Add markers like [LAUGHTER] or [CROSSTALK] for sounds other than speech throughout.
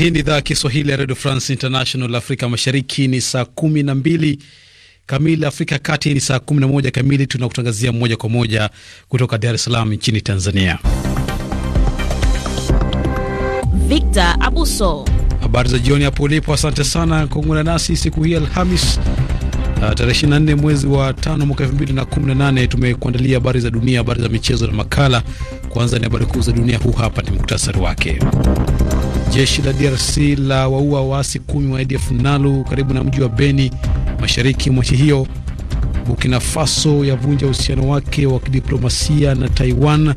Hii ni idhaa ya Kiswahili ya redio France International. Afrika mashariki ni saa kumi na mbili kamili, Afrika ya kati ni saa kumi na moja kamili. Tunakutangazia moja kwa moja kutoka Dar es Salaam nchini Tanzania. Victor Abuso, habari za jioni hapo ulipo. Asante sana kuungana nasi siku hii Alhamis uh, tarehe 24 mwezi wa tano mwaka 2018. Tumekuandalia habari za dunia, habari za michezo na makala. Kwanza ni habari kuu za dunia, huu hapa ni muktasari wake. Jeshi la DRC la waua waasi kumi wa ADF Nalu karibu na mji wa Beni mashariki mwa nchi hiyo. Burkina Faso yavunja uhusiano wake wa kidiplomasia na Taiwan,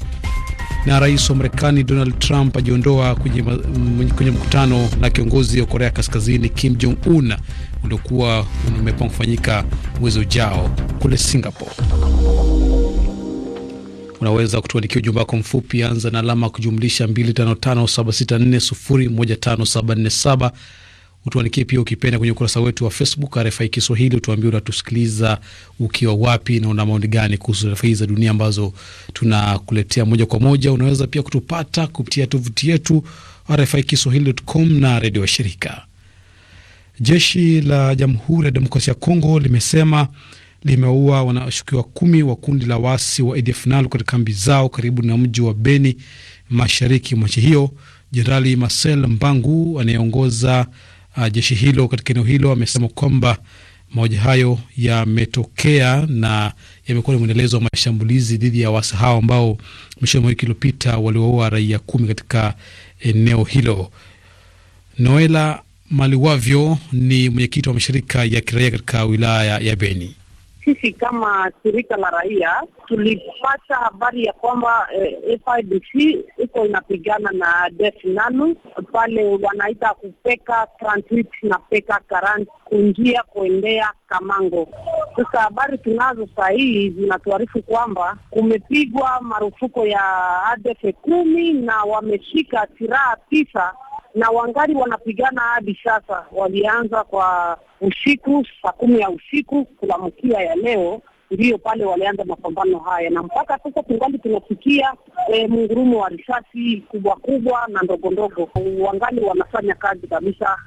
na rais wa Marekani Donald Trump ajiondoa kwenye, mm, kwenye mkutano na kiongozi wa Korea Kaskazini Kim Jong Un uliokuwa umepangwa kufanyika mwezi ujao kule Singapore. Unaweza kutuandikia ujumbe wako mfupi, anza na alama kujumlisha 255764015747 utuandikie pia ukipenda kwenye ukurasa wetu wa Facebook RFI Kiswahili, utuambie unatusikiliza ukiwa wapi na una maoni gani kuhusu taarifa hii za dunia ambazo tunakuletea moja kwa moja. Unaweza pia kutupata kupitia tovuti yetu RFI Kiswahili.com na redio wa shirika. Jeshi la Jamhuri ya Demokrasia ya Kongo limesema limeua wanashukiwa kumi wa kundi la wasi wa ADF NALU katika kambi zao karibu na mji wa Beni, mashariki mwa nchi hiyo. Jenerali Marcel Mbangu anayeongoza uh, jeshi hilo katika eneo hilo amesema kwamba mauaji hayo yametokea na yamekuwa ni mwendelezo wa mashambulizi dhidi ya waasi hao ambao mwishoni mwa wiki iliyopita waliwaua raia kumi katika eneo hilo. Noela Maliwavyo ni mwenyekiti wa mashirika ya kiraia katika wilaya ya Beni sisi kama shirika la raia tulipata habari ya kwamba eh, FIDC iko inapigana na DEF NALU pale wanaita kupeka transit na peka karant kunjia kuendea Kamango. Sasa habari tunazo saa hii zinatuarifu kwamba kumepigwa marufuko ya ADF kumi na wameshika silaha tisa na wangali wanapigana hadi sasa, walianza kwa usiku saa kumi ya usiku kulamkia ya leo ndiyo pale walianza mapambano haya, na mpaka sasa tungali tunasikia e, eh, mungurumo wa risasi kubwa kubwa na ndogo ndogo, wangali wanafanya kazi kabisa.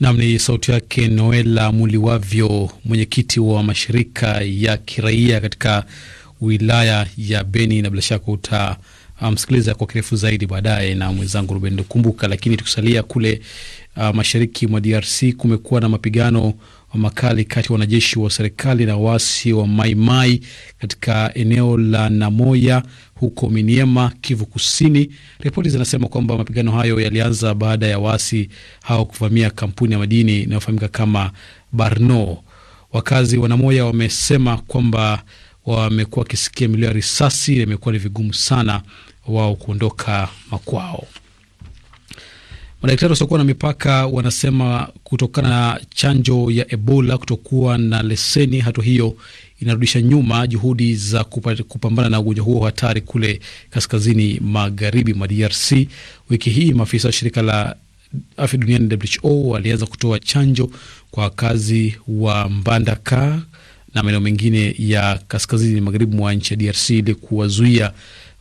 Nam ni sauti yake Noela Muliwavyo, mwenyekiti wa mashirika ya kiraia katika wilaya ya Beni, na bila shaka utamsikiliza um, kwa kirefu zaidi baadaye na mwenzangu Ruben Kumbuka. Lakini tukisalia kule uh, mashariki mwa DRC kumekuwa na mapigano makali kati ya wanajeshi wa serikali na waasi wa Maimai Mai katika eneo la Namoya huko Miniema, Kivu Kusini. Ripoti zinasema kwamba mapigano hayo yalianza baada ya waasi hao kuvamia kampuni ya madini inayofahamika kama Barno. Wakazi wa Namoya wamesema kwamba wamekuwa wakisikia milio ya risasi na imekuwa ni vigumu sana wao kuondoka makwao. Madaktari wasiokuwa na mipaka wanasema kutokana na chanjo ya Ebola kutokuwa na leseni, hatua hiyo inarudisha nyuma juhudi za kupambana na ugonjwa huo hatari kule kaskazini magharibi mwa DRC. Wiki hii maafisa wa shirika la afya duniani WHO walianza kutoa chanjo kwa wakazi wa Mbandaka na maeneo mengine ya kaskazini magharibi mwa nchi ya DRC ili kuwazuia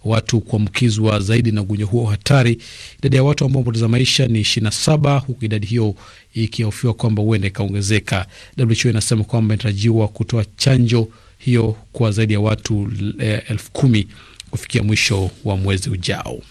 watu kuambukizwa zaidi na ugonjwa huo hatari. Idadi ya watu ambao wamepoteza maisha ni 27 huku idadi hiyo ikihofiwa kwamba huenda ikaongezeka. WHO inasema kwamba inatarajiwa kutoa chanjo hiyo kwa zaidi ya watu eh, elfu kumi kufikia mwisho wa mwezi ujao.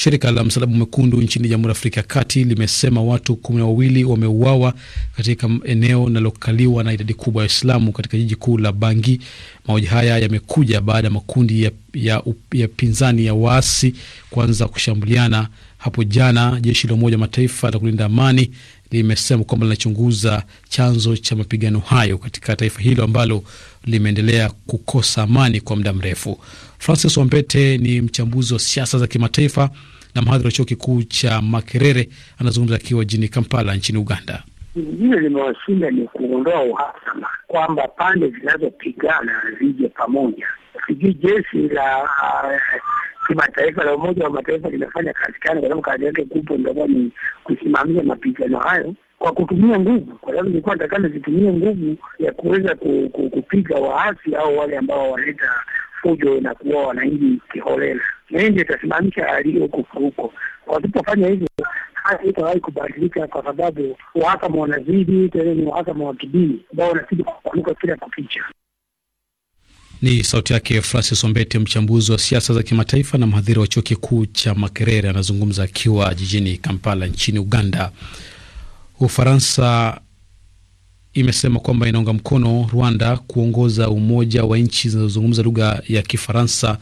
Shirika la Msalaba Mwekundu nchini Jamhuri ya Afrika ya Kati limesema watu kumi na wawili wameuawa katika eneo linalokaliwa na idadi kubwa ya Waislamu katika jiji kuu la Bangi. Mauaji haya yamekuja baada ya makundi ya, ya, ya pinzani ya waasi kuanza kushambuliana hapo jana. Jeshi la Umoja wa Mataifa la kulinda amani limesema kwamba linachunguza chanzo cha mapigano hayo katika taifa hilo ambalo limeendelea kukosa amani kwa muda mrefu. Francis Wambete ni mchambuzi wa siasa za kimataifa na mhadhiri wa chuo kikuu cha Makerere. Anazungumza akiwa jini Kampala nchini Uganda. Lingine limewashinda ni kuondoa uhasama, kwamba pande zinazopigana zije pamoja. Sijui jeshi la eh, kimataifa la Umoja wa Mataifa linafanya kazi gani, kwa sababu kazi yake kubwa itakuwa ni kusimamia mapigano hayo kwa kutumia nguvu, kwa sababu ilikuwa takana zitumie nguvu ya kuweza kupiga waasi au wale ambao wanaleta fujo na kuua wananchi kiholela na ndio itasimamisha hali hiyo huko. Wasipofanya hivyo, hali itawahi kubadilika, kwa sababu uhakama wanazidi tena, ni uhakama wa kidini ambao wanazidi kukanuka kila kupicha. Ni sauti yake Francis Ombete, mchambuzi wa siasa za kimataifa na mhadhiri wa chuo kikuu cha Makerere, anazungumza akiwa jijini Kampala nchini Uganda. Ufaransa imesema kwamba inaunga mkono Rwanda kuongoza umoja wa nchi zinazozungumza lugha ya Kifaransa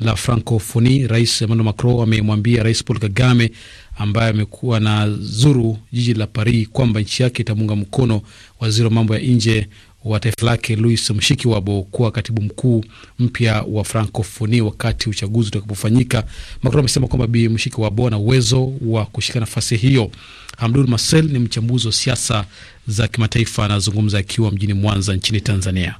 la Francofoni, Rais Emmanuel Macron amemwambia Rais Paul Kagame ambaye amekuwa na zuru jiji la Paris kwamba nchi yake itamuunga mkono waziri wa mambo ya nje wa taifa lake Louis Mshikiwabo kuwa katibu mkuu mpya wa Francofoni wakati uchaguzi utakapofanyika. Macron amesema kwamba Bi Mshikiwabo ana uwezo wa kushika nafasi hiyo. hamdul Marcel ni mchambuzi wa siasa za kimataifa, anazungumza akiwa mjini Mwanza nchini Tanzania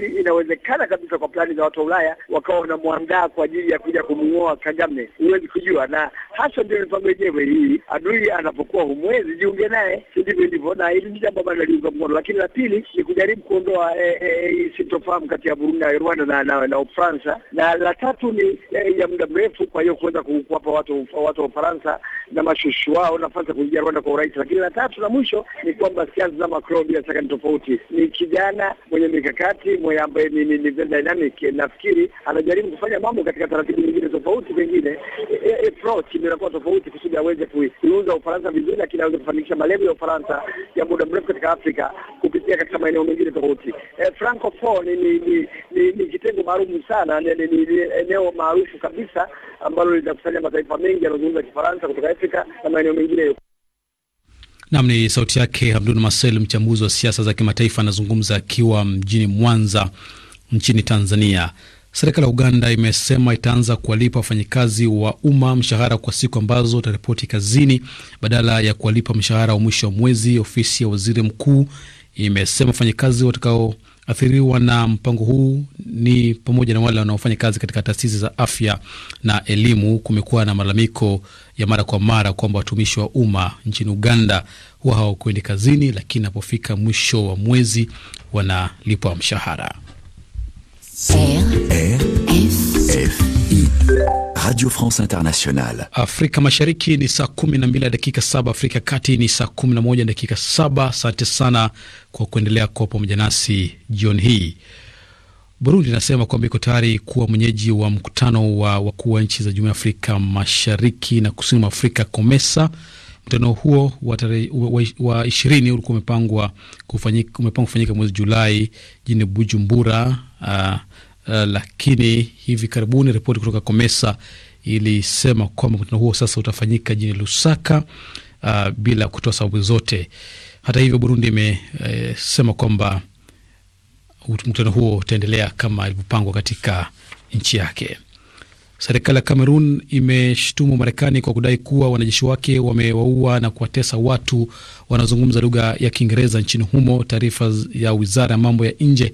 nafikiri inawezekana kabisa kwa plani za watu wa Ulaya wakawa wanamwandaa kwa ajili ya kuja kumng'oa Kagame, huwezi kujua, na hasa ndio mipango yenyewe hii. Adui anapokuwa humwezi jiunge naye, si ndivyo ilivyo, na hili ni jambo ambalo naliunga mkono. Lakini la pili ni kujaribu kuondoa e, sintofahamu kati ya Burundi na Rwanda na, na, na Ufaransa, na la tatu ni e, ya muda mrefu, kwa hiyo kuweza kuwapa watu watu wa Ufaransa na mashushu wao nafasi ya kuingia Rwanda kwa urahisi. Lakini la tatu na mwisho ni kwamba siasa za Macron bila shaka ni tofauti, ni kijana mwenye mikakati mwenye ya ambayo eh, ni, ni, ni dynamic. Nafikiri anajaribu kufanya mambo katika taratibu nyingine tofauti, pengine approach eh, eh, inakuwa tofauti kusudi aweze kuiuza Ufaransa vizuri, lakini aweze kufanikisha malengo ya Ufaransa ya muda mrefu katika Afrika kupitia katika maeneo mengine tofauti. Francophone ni ni kitengo maarufu sana, ni eneo maarufu kabisa ambalo linakusanya mataifa mengi yanayozungumza Kifaransa kutoka Afrika na maeneo mengine. Nam ni sauti yake Hamdun masel mchambuzi wa siasa za kimataifa, anazungumza akiwa mjini Mwanza nchini Tanzania. Serikali ya Uganda imesema itaanza kuwalipa wafanyikazi wa umma mshahara kwa siku ambazo utaripoti kazini badala ya kuwalipa mshahara wa mwisho wa mwezi. Ofisi ya waziri mkuu imesema wafanyikazi watakao athiriwa na mpango huu ni pamoja na wale wanaofanya kazi katika taasisi za afya na elimu. Kumekuwa na malalamiko ya mara kwa mara kwamba watumishi wa umma nchini Uganda huwa hawakuendi kazini, lakini napofika mwisho wa mwezi wanalipwa mshahara. RFI Radio France Internationale. Afrika Mashariki ni saa kumi na mbili na dakika saba, Afrika ya Kati ni saa kumi na moja na dakika saba. Asante sana kwa kuendelea kuwa pamoja nasi jioni hii. Burundi inasema kwamba iko tayari kuwa mwenyeji wa mkutano wa wakuu wa nchi za Jumuiya ya Afrika Mashariki na Kusini mwa Afrika, COMESA. Mkutano huo wa ishirini ulikuwa umepangwa kufanyika mwezi Julai jijini Bujumbura. Uh, Eh, lakini hivi karibuni ripoti kutoka Komesa ilisema kwamba mkutano huo sasa utafanyika jini Lusaka uh, bila kutoa sababu zote. Hata hivyo, Burundi imesema eh, uh, kwamba mkutano huo utaendelea kama ilivyopangwa katika nchi yake. Serikali ya Kamerun imeshtumu Marekani kwa kudai kuwa wanajeshi wake wamewaua na kuwatesa watu wanaozungumza lugha ya Kiingereza nchini humo. Taarifa ya wizara ya mambo ya nje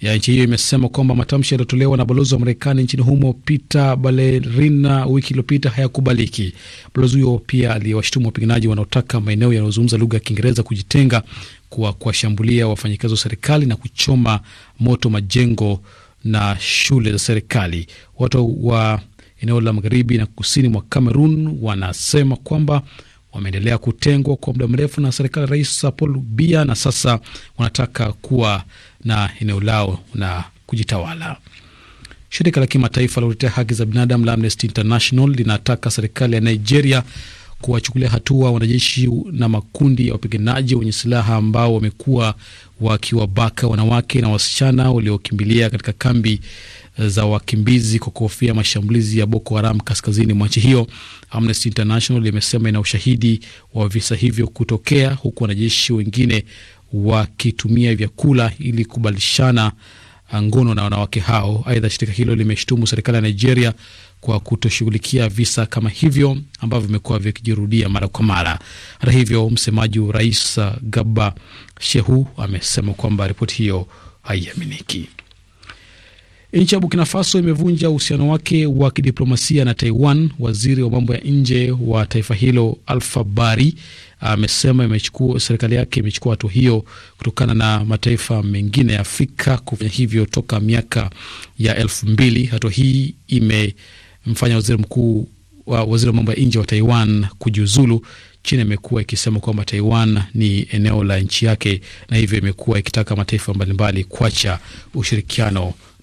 ya nchi hiyo imesema kwamba matamshi yaliyotolewa na balozi wa Marekani nchini humo Peter balerina wiki iliyopita hayakubaliki. Balozi huyo pia aliwashutumu wapiganaji wanaotaka maeneo yanayozungumza lugha ya Kiingereza kujitenga kwa kuwashambulia wafanyakazi wa serikali na kuchoma moto majengo na shule za serikali. Watu wa eneo la magharibi na kusini mwa Cameroon wanasema kwamba wameendelea kutengwa kwa muda mrefu na serikali ya Rais Paul Biya na sasa wanataka kuwa na eneo lao na kujitawala. Shirika la kimataifa la kutetea haki za binadamu la Amnesty International linataka serikali ya Nigeria kuwachukulia hatua wanajeshi na makundi ya wapiganaji wenye silaha ambao wamekuwa wakiwabaka wanawake na wasichana waliokimbilia katika kambi eh, za wakimbizi kwa kuhofia mashambulizi ya Boko Haram kaskazini mwa nchi hiyo. Amnesty International imesema ina ushahidi wa visa hivyo kutokea, huku wanajeshi wengine wakitumia vyakula ili kubadilishana uh, ngono na wanawake hao. Aidha, shirika hilo limeshtumu serikali ya Nigeria kwa kutoshughulikia visa kama hivyo ambavyo vimekuwa vikijirudia mara kwa mara. Hata hivyo, msemaji wa rais uh, Gaba Shehu amesema kwamba ripoti hiyo haiaminiki. Nchi ya Burkina Faso imevunja uhusiano wake wa kidiplomasia na Taiwan. Waziri wa mambo ya nje wa taifa hilo Alfa Bari amesema serikali yake imechukua hatua hiyo kutokana na mataifa mengine ya Afrika kufanya hivyo toka miaka ya elfu mbili. Hatua hii imemfanya waziri mkuu wa waziri wa mambo ya nje wa Taiwan kujiuzulu. China imekuwa ikisema kwamba Taiwan ni eneo la nchi yake na hivyo imekuwa ikitaka mataifa mbalimbali kuacha ushirikiano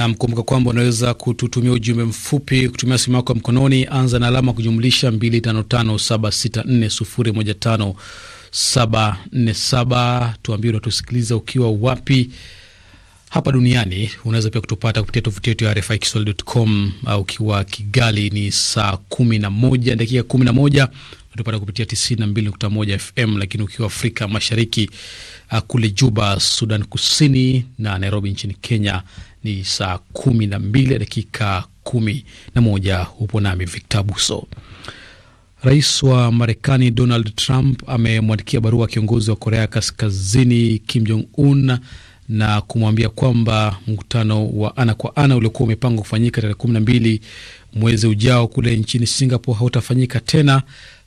Nam, kumbuka kwamba unaweza kututumia ujumbe mfupi kutumia simu yako ya mkononi, anza na alama kujumlisha 255764015747. Tuambie unatusikiliza ukiwa wapi hapa duniani. Unaweza pia kutupata kupitia tovuti yetu ya RFI Kiswahili.com. Ukiwa Kigali ni saa 11 dakika 11, unatupata kupitia 92.1 FM, lakini ukiwa Afrika Mashariki, uh, kule Juba, Sudan Kusini na Nairobi nchini Kenya ni saa kumi na mbili dakika kumi na moja. Upo nami Victor Buso. Rais wa Marekani Donald Trump amemwandikia barua kiongozi wa Korea Kaskazini Kim Jong Un na kumwambia kwamba mkutano wa ana kwa ana uliokuwa umepangwa kufanyika tarehe kumi na mbili mwezi ujao kule nchini Singapore hautafanyika tena.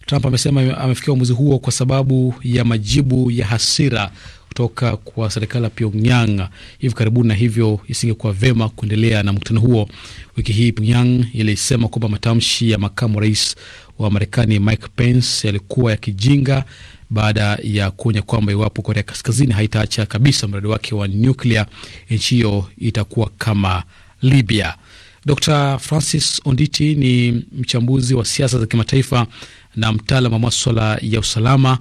Trump amesema amefikia uamuzi huo kwa sababu ya majibu ya hasira kutoka kwa serikali ya Pyongyang hivi karibuni, na hivyo isingekuwa vema kuendelea na mkutano huo. Wiki hii Pyongyang ilisema kwamba matamshi ya makamu rais wa Marekani Mike Pence yalikuwa ya kijinga baada ya kuonya kwamba iwapo Korea Kaskazini haitaacha kabisa mradi wake wa nyuklia, nchi hiyo itakuwa kama Libya. Dr Francis Onditi ni mchambuzi wa siasa za kimataifa na mtaalam wa maswala ya usalama.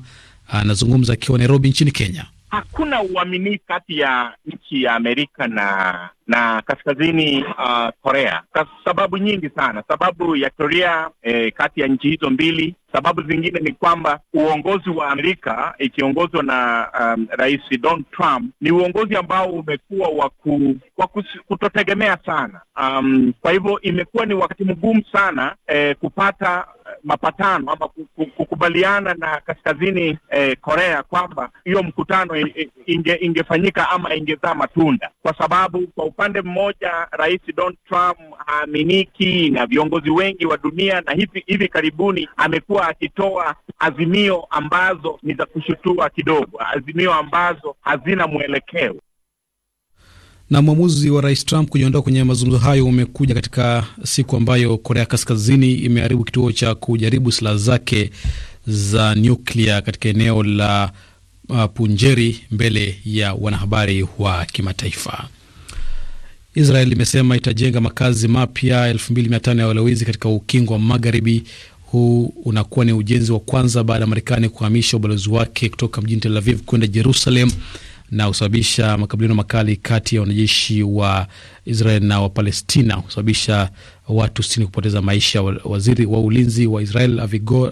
Anazungumza akiwa Nairobi nchini Kenya hakuna uaminifu kati ya nchi ya Amerika na na kaskazini uh, Korea kwa sababu nyingi sana, sababu ya historia eh, kati ya nchi hizo mbili. Sababu zingine ni kwamba uongozi wa Amerika ikiongozwa na um, Rais Donald Trump ni uongozi ambao umekuwa wa kutotegemea sana um, kwa hivyo imekuwa ni wakati mgumu sana eh, kupata mapatano ama kukubaliana na Kaskazini eh, Korea kwamba hiyo mkutano inge, ingefanyika ama ingezaa matunda, kwa sababu kwa upande mmoja Rais Donald Trump haaminiki na viongozi wengi wa dunia, na hivi hivi karibuni amekuwa akitoa azimio ambazo ni za kushutua kidogo, azimio ambazo hazina mwelekeo. Na mwamuzi wa rais Trump kujiondoa kwenye mazungumzo hayo umekuja katika siku ambayo Korea Kaskazini imeharibu kituo cha kujaribu silaha zake za nyuklia katika eneo la uh, Punjeri mbele ya wanahabari wa kimataifa. Israel imesema itajenga makazi mapya 2500 ya walowezi katika ukingo wa magharibi. Huu unakuwa ni ujenzi wa kwanza baada ya Marekani kuhamisha ubalozi wake kutoka mjini Tel Aviv kwenda Jerusalem na husababisha makabiliano makali kati ya wanajeshi wa Israel na Wapalestina, husababisha watu sitini kupoteza maisha. Waziri wa ulinzi wa Israel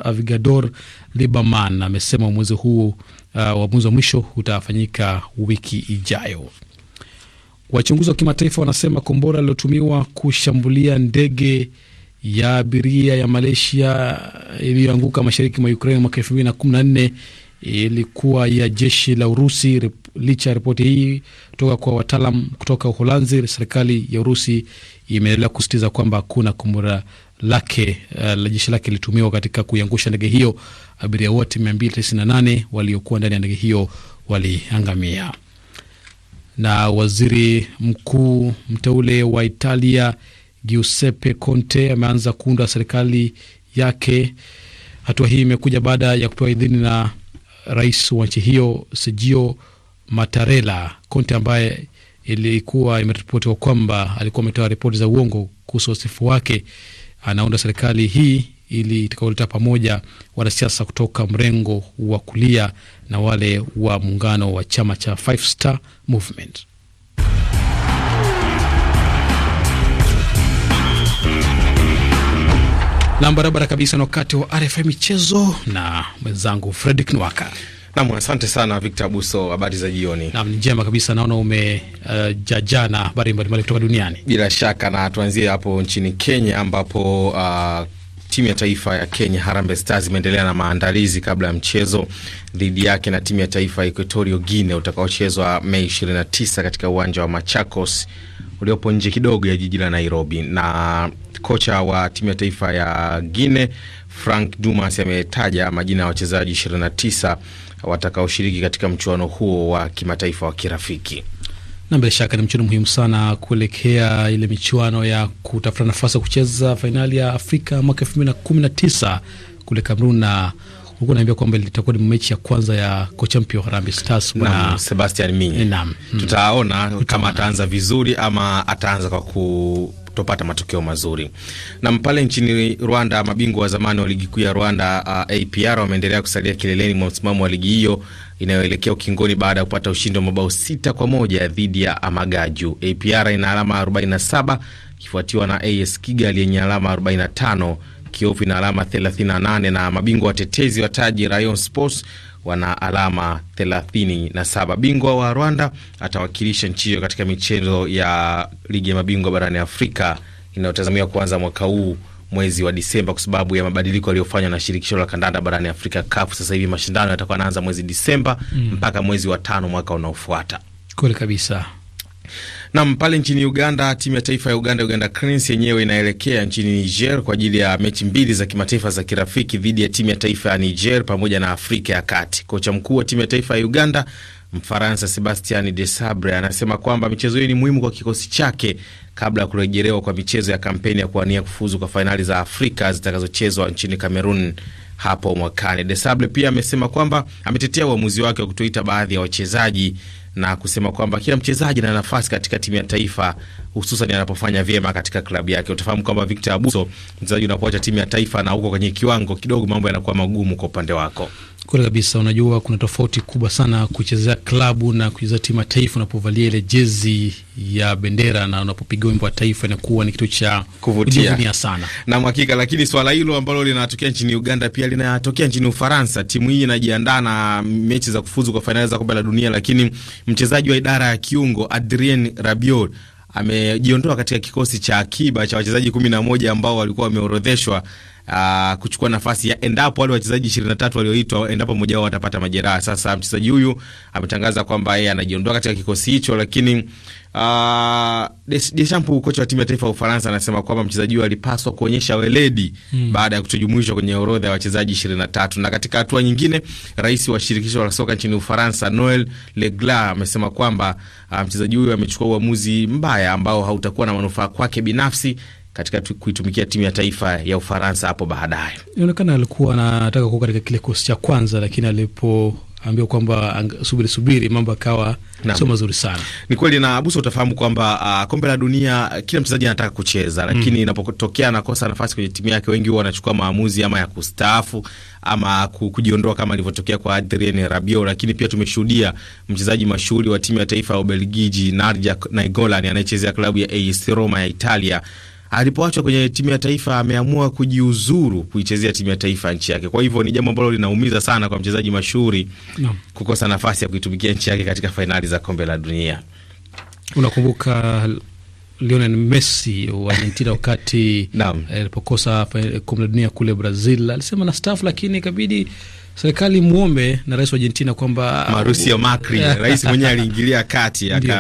Avigador Liberman amesema uamuzi huu uamuzi uh, wa mwisho utafanyika wiki ijayo. Wachunguzi wa kimataifa wanasema kombora lililotumiwa kushambulia ndege ya abiria ya Malaysia iliyoanguka mashariki mwa Ukraine mwaka elfu mbili na kumi na nne ilikuwa ya jeshi la Urusi licha ya ripoti hii kutoka kwa wataalam kutoka Uholanzi, serikali ya Urusi imeendelea kusisitiza kwamba hakuna kombora lake uh, la jeshi lake lilitumiwa katika kuiangusha ndege hiyo. Abiria wote 298 waliokuwa ndani ya ndege hiyo waliangamia. Na waziri mkuu mteule wa Italia Giuseppe Conte ameanza kuunda serikali yake. Hatua hii imekuja baada ya kupewa idhini na rais wa nchi hiyo Sergio Matarela Konte ambaye ilikuwa imeripotiwa kwamba alikuwa ametoa ripoti za uongo kuhusu wasifu wake, anaunda serikali hii ili itakaoleta pamoja wanasiasa kutoka mrengo wa kulia na wale wa muungano wa chama cha Five Star Movement. Nam barabara kabisa, na wakati wa RFI michezo na mwenzangu Fredrick Nwaka. Nam, asante sana Victor Buso, habari za jioni. Nam, ni njema kabisa, naona umejajaa uh, habari mbalimbali kutoka duniani. Bila shaka, na tuanzie hapo nchini Kenya ambapo uh, timu ya taifa ya Kenya Harambee Stars imeendelea na maandalizi kabla ya mchezo dhidi yake na timu ya taifa ya Equatorio Guine utakaochezwa Mei 29 katika uwanja wa Machakos uliopo nje kidogo ya jiji la Nairobi. Na kocha wa timu ya taifa ya guine Frank Dumas ametaja majina ya wachezaji 29 watakaoshiriki katika mchuano huo wa kimataifa wa kirafiki. Na bila shaka ni mchuano muhimu sana kuelekea ile michuano ya kutafuta nafasi ya kucheza fainali ya Afrika mwaka elfu mbili na kumi na tisa kule Kamerun na huku naambia kwamba litakuwa ni mechi ya kwanza ya kocha mpya wa Harambee Stars na Sebastian Minyi. Naam, tutaona kama ataanza vizuri ama ataanza kwa ku kutopata matokeo mazuri. Na pale nchini Rwanda, mabingwa wa zamani wa ligi kuu ya Rwanda uh, APR wameendelea kusalia kileleni mwa msimamo wa ligi hiyo inayoelekea ukingoni baada ya kupata ushindi wa mabao sita kwa moja dhidi ya Amagaju. APR ina alama 47 ikifuatiwa na AS Kigali yenye alama 45. Kiovu ina alama 38 na mabingwa watetezi wa taji Rayon Sports wana alama 37. Bingwa wa Rwanda atawakilisha nchi hiyo katika michezo ya ligi ya mabingwa barani Afrika inayotazamiwa kuanza mwaka huu mwezi wa Disemba kwa sababu ya mabadiliko yaliyofanywa na shirikisho la kandanda barani Afrika, kafu Sasa hivi mashindano yatakuwa yanaanza mwezi Disemba mm, mpaka mwezi wa tano mwaka unaofuata. Kweli kabisa. Nam, pale nchini Uganda, timu ya taifa ya Uganda, Uganda Cranes, yenyewe inaelekea nchini Niger kwa ajili ya mechi mbili za kimataifa za kirafiki dhidi ya timu ya taifa ya Niger pamoja na Afrika ya Kati. Kocha mkuu wa timu ya taifa ya Uganda Mfaransa Sebastian Desabre anasema kwamba michezo hiyo ni muhimu kwa kikosi chake kabla ya kurejelewa kwa michezo ya kampeni ya kuwania kufuzu kwa fainali za Afrika zitakazochezwa nchini Cameroon hapo mwakani. Desabre pia amesema kwamba ametetea uamuzi wake wa kutoita baadhi ya wachezaji na kusema kwamba kila mchezaji ana nafasi katika timu ya taifa hususan anapofanya vyema katika klabu yake. Utafahamu kwamba Victor Abuso, mchezaji unapoacha timu ya taifa na uko kwenye kiwango kidogo, mambo yanakuwa magumu kwa upande wako. Kweli kabisa. Unajua, kuna tofauti kubwa sana kuchezea klabu na kuchezea timu ya taifa. Unapovalia ile jezi ya bendera na unapopiga wimbo wa taifa, inakuwa ni kitu cha kuvutia sana na hakika. Lakini swala hilo ambalo linatokea nchini Uganda pia linatokea nchini Ufaransa. Timu hii inajiandaa na mechi za kufuzu kwa fainali za kombe la dunia, lakini mchezaji wa idara ya kiungo Adrien Rabiot amejiondoa katika kikosi cha akiba cha wachezaji kumi na moja ambao walikuwa wameorodheshwa uh, kuchukua nafasi ya endapo wale wachezaji 23 walioitwa, endapo mmoja wao atapata majeraha. Sasa mchezaji huyu ametangaza kwamba yeye anajiondoa katika kikosi hicho, lakini Uh, Deschamps kocha wa timu ya taifa ya Ufaransa anasema kwamba mchezaji huyu alipaswa kuonyesha weledi hmm, baada ya kutojumuishwa kwenye orodha ya wachezaji 23. Na katika hatua nyingine, rais wa shirikisho la soka nchini Ufaransa Noel Leglar amesema kwamba uh, mchezaji huyu amechukua uamuzi mbaya ambao hautakuwa na manufaa kwake binafsi katika kuitumikia timu ya taifa ya Ufaransa hapo baadaye. Inaonekana alikuwa anataka kuwa katika kile kikosi cha kwanza, lakini alipo ambiwa kwamba subiri subiri, mambo akawa sio mazuri sana. Ni kweli na Abuso, utafahamu kwamba uh, kombe la dunia kila mchezaji anataka kucheza, lakini mm. inapotokea mm, anakosa nafasi kwenye timu yake, wengi huwa wanachukua maamuzi ama ya kustaafu ama kujiondoa kama alivyotokea kwa Adrien Rabiot. Lakini pia tumeshuhudia mchezaji mashuhuri wa timu ya taifa ya Ubelgiji Narja Nainggolan anayechezea klabu ya AS Roma ya Italia alipoachwa kwenye timu ya taifa ameamua kujiuzuru kuichezea timu ya taifa nchi yake. Kwa hivyo ni jambo ambalo linaumiza sana kwa mchezaji mashuhuri no. kukosa nafasi ya kuitumikia nchi yake katika fainali za kombe la dunia. Unakumbuka Lionel Messi wa Argentina wakati [LAUGHS] alipokosa kombe la dunia kule Brazil, alisema nastaafu, lakini ikabidi serikali muombe na rais wa Argentina kwamba Mauricio Macri, [LAUGHS] rais mwenyewe aliingilia kati mm.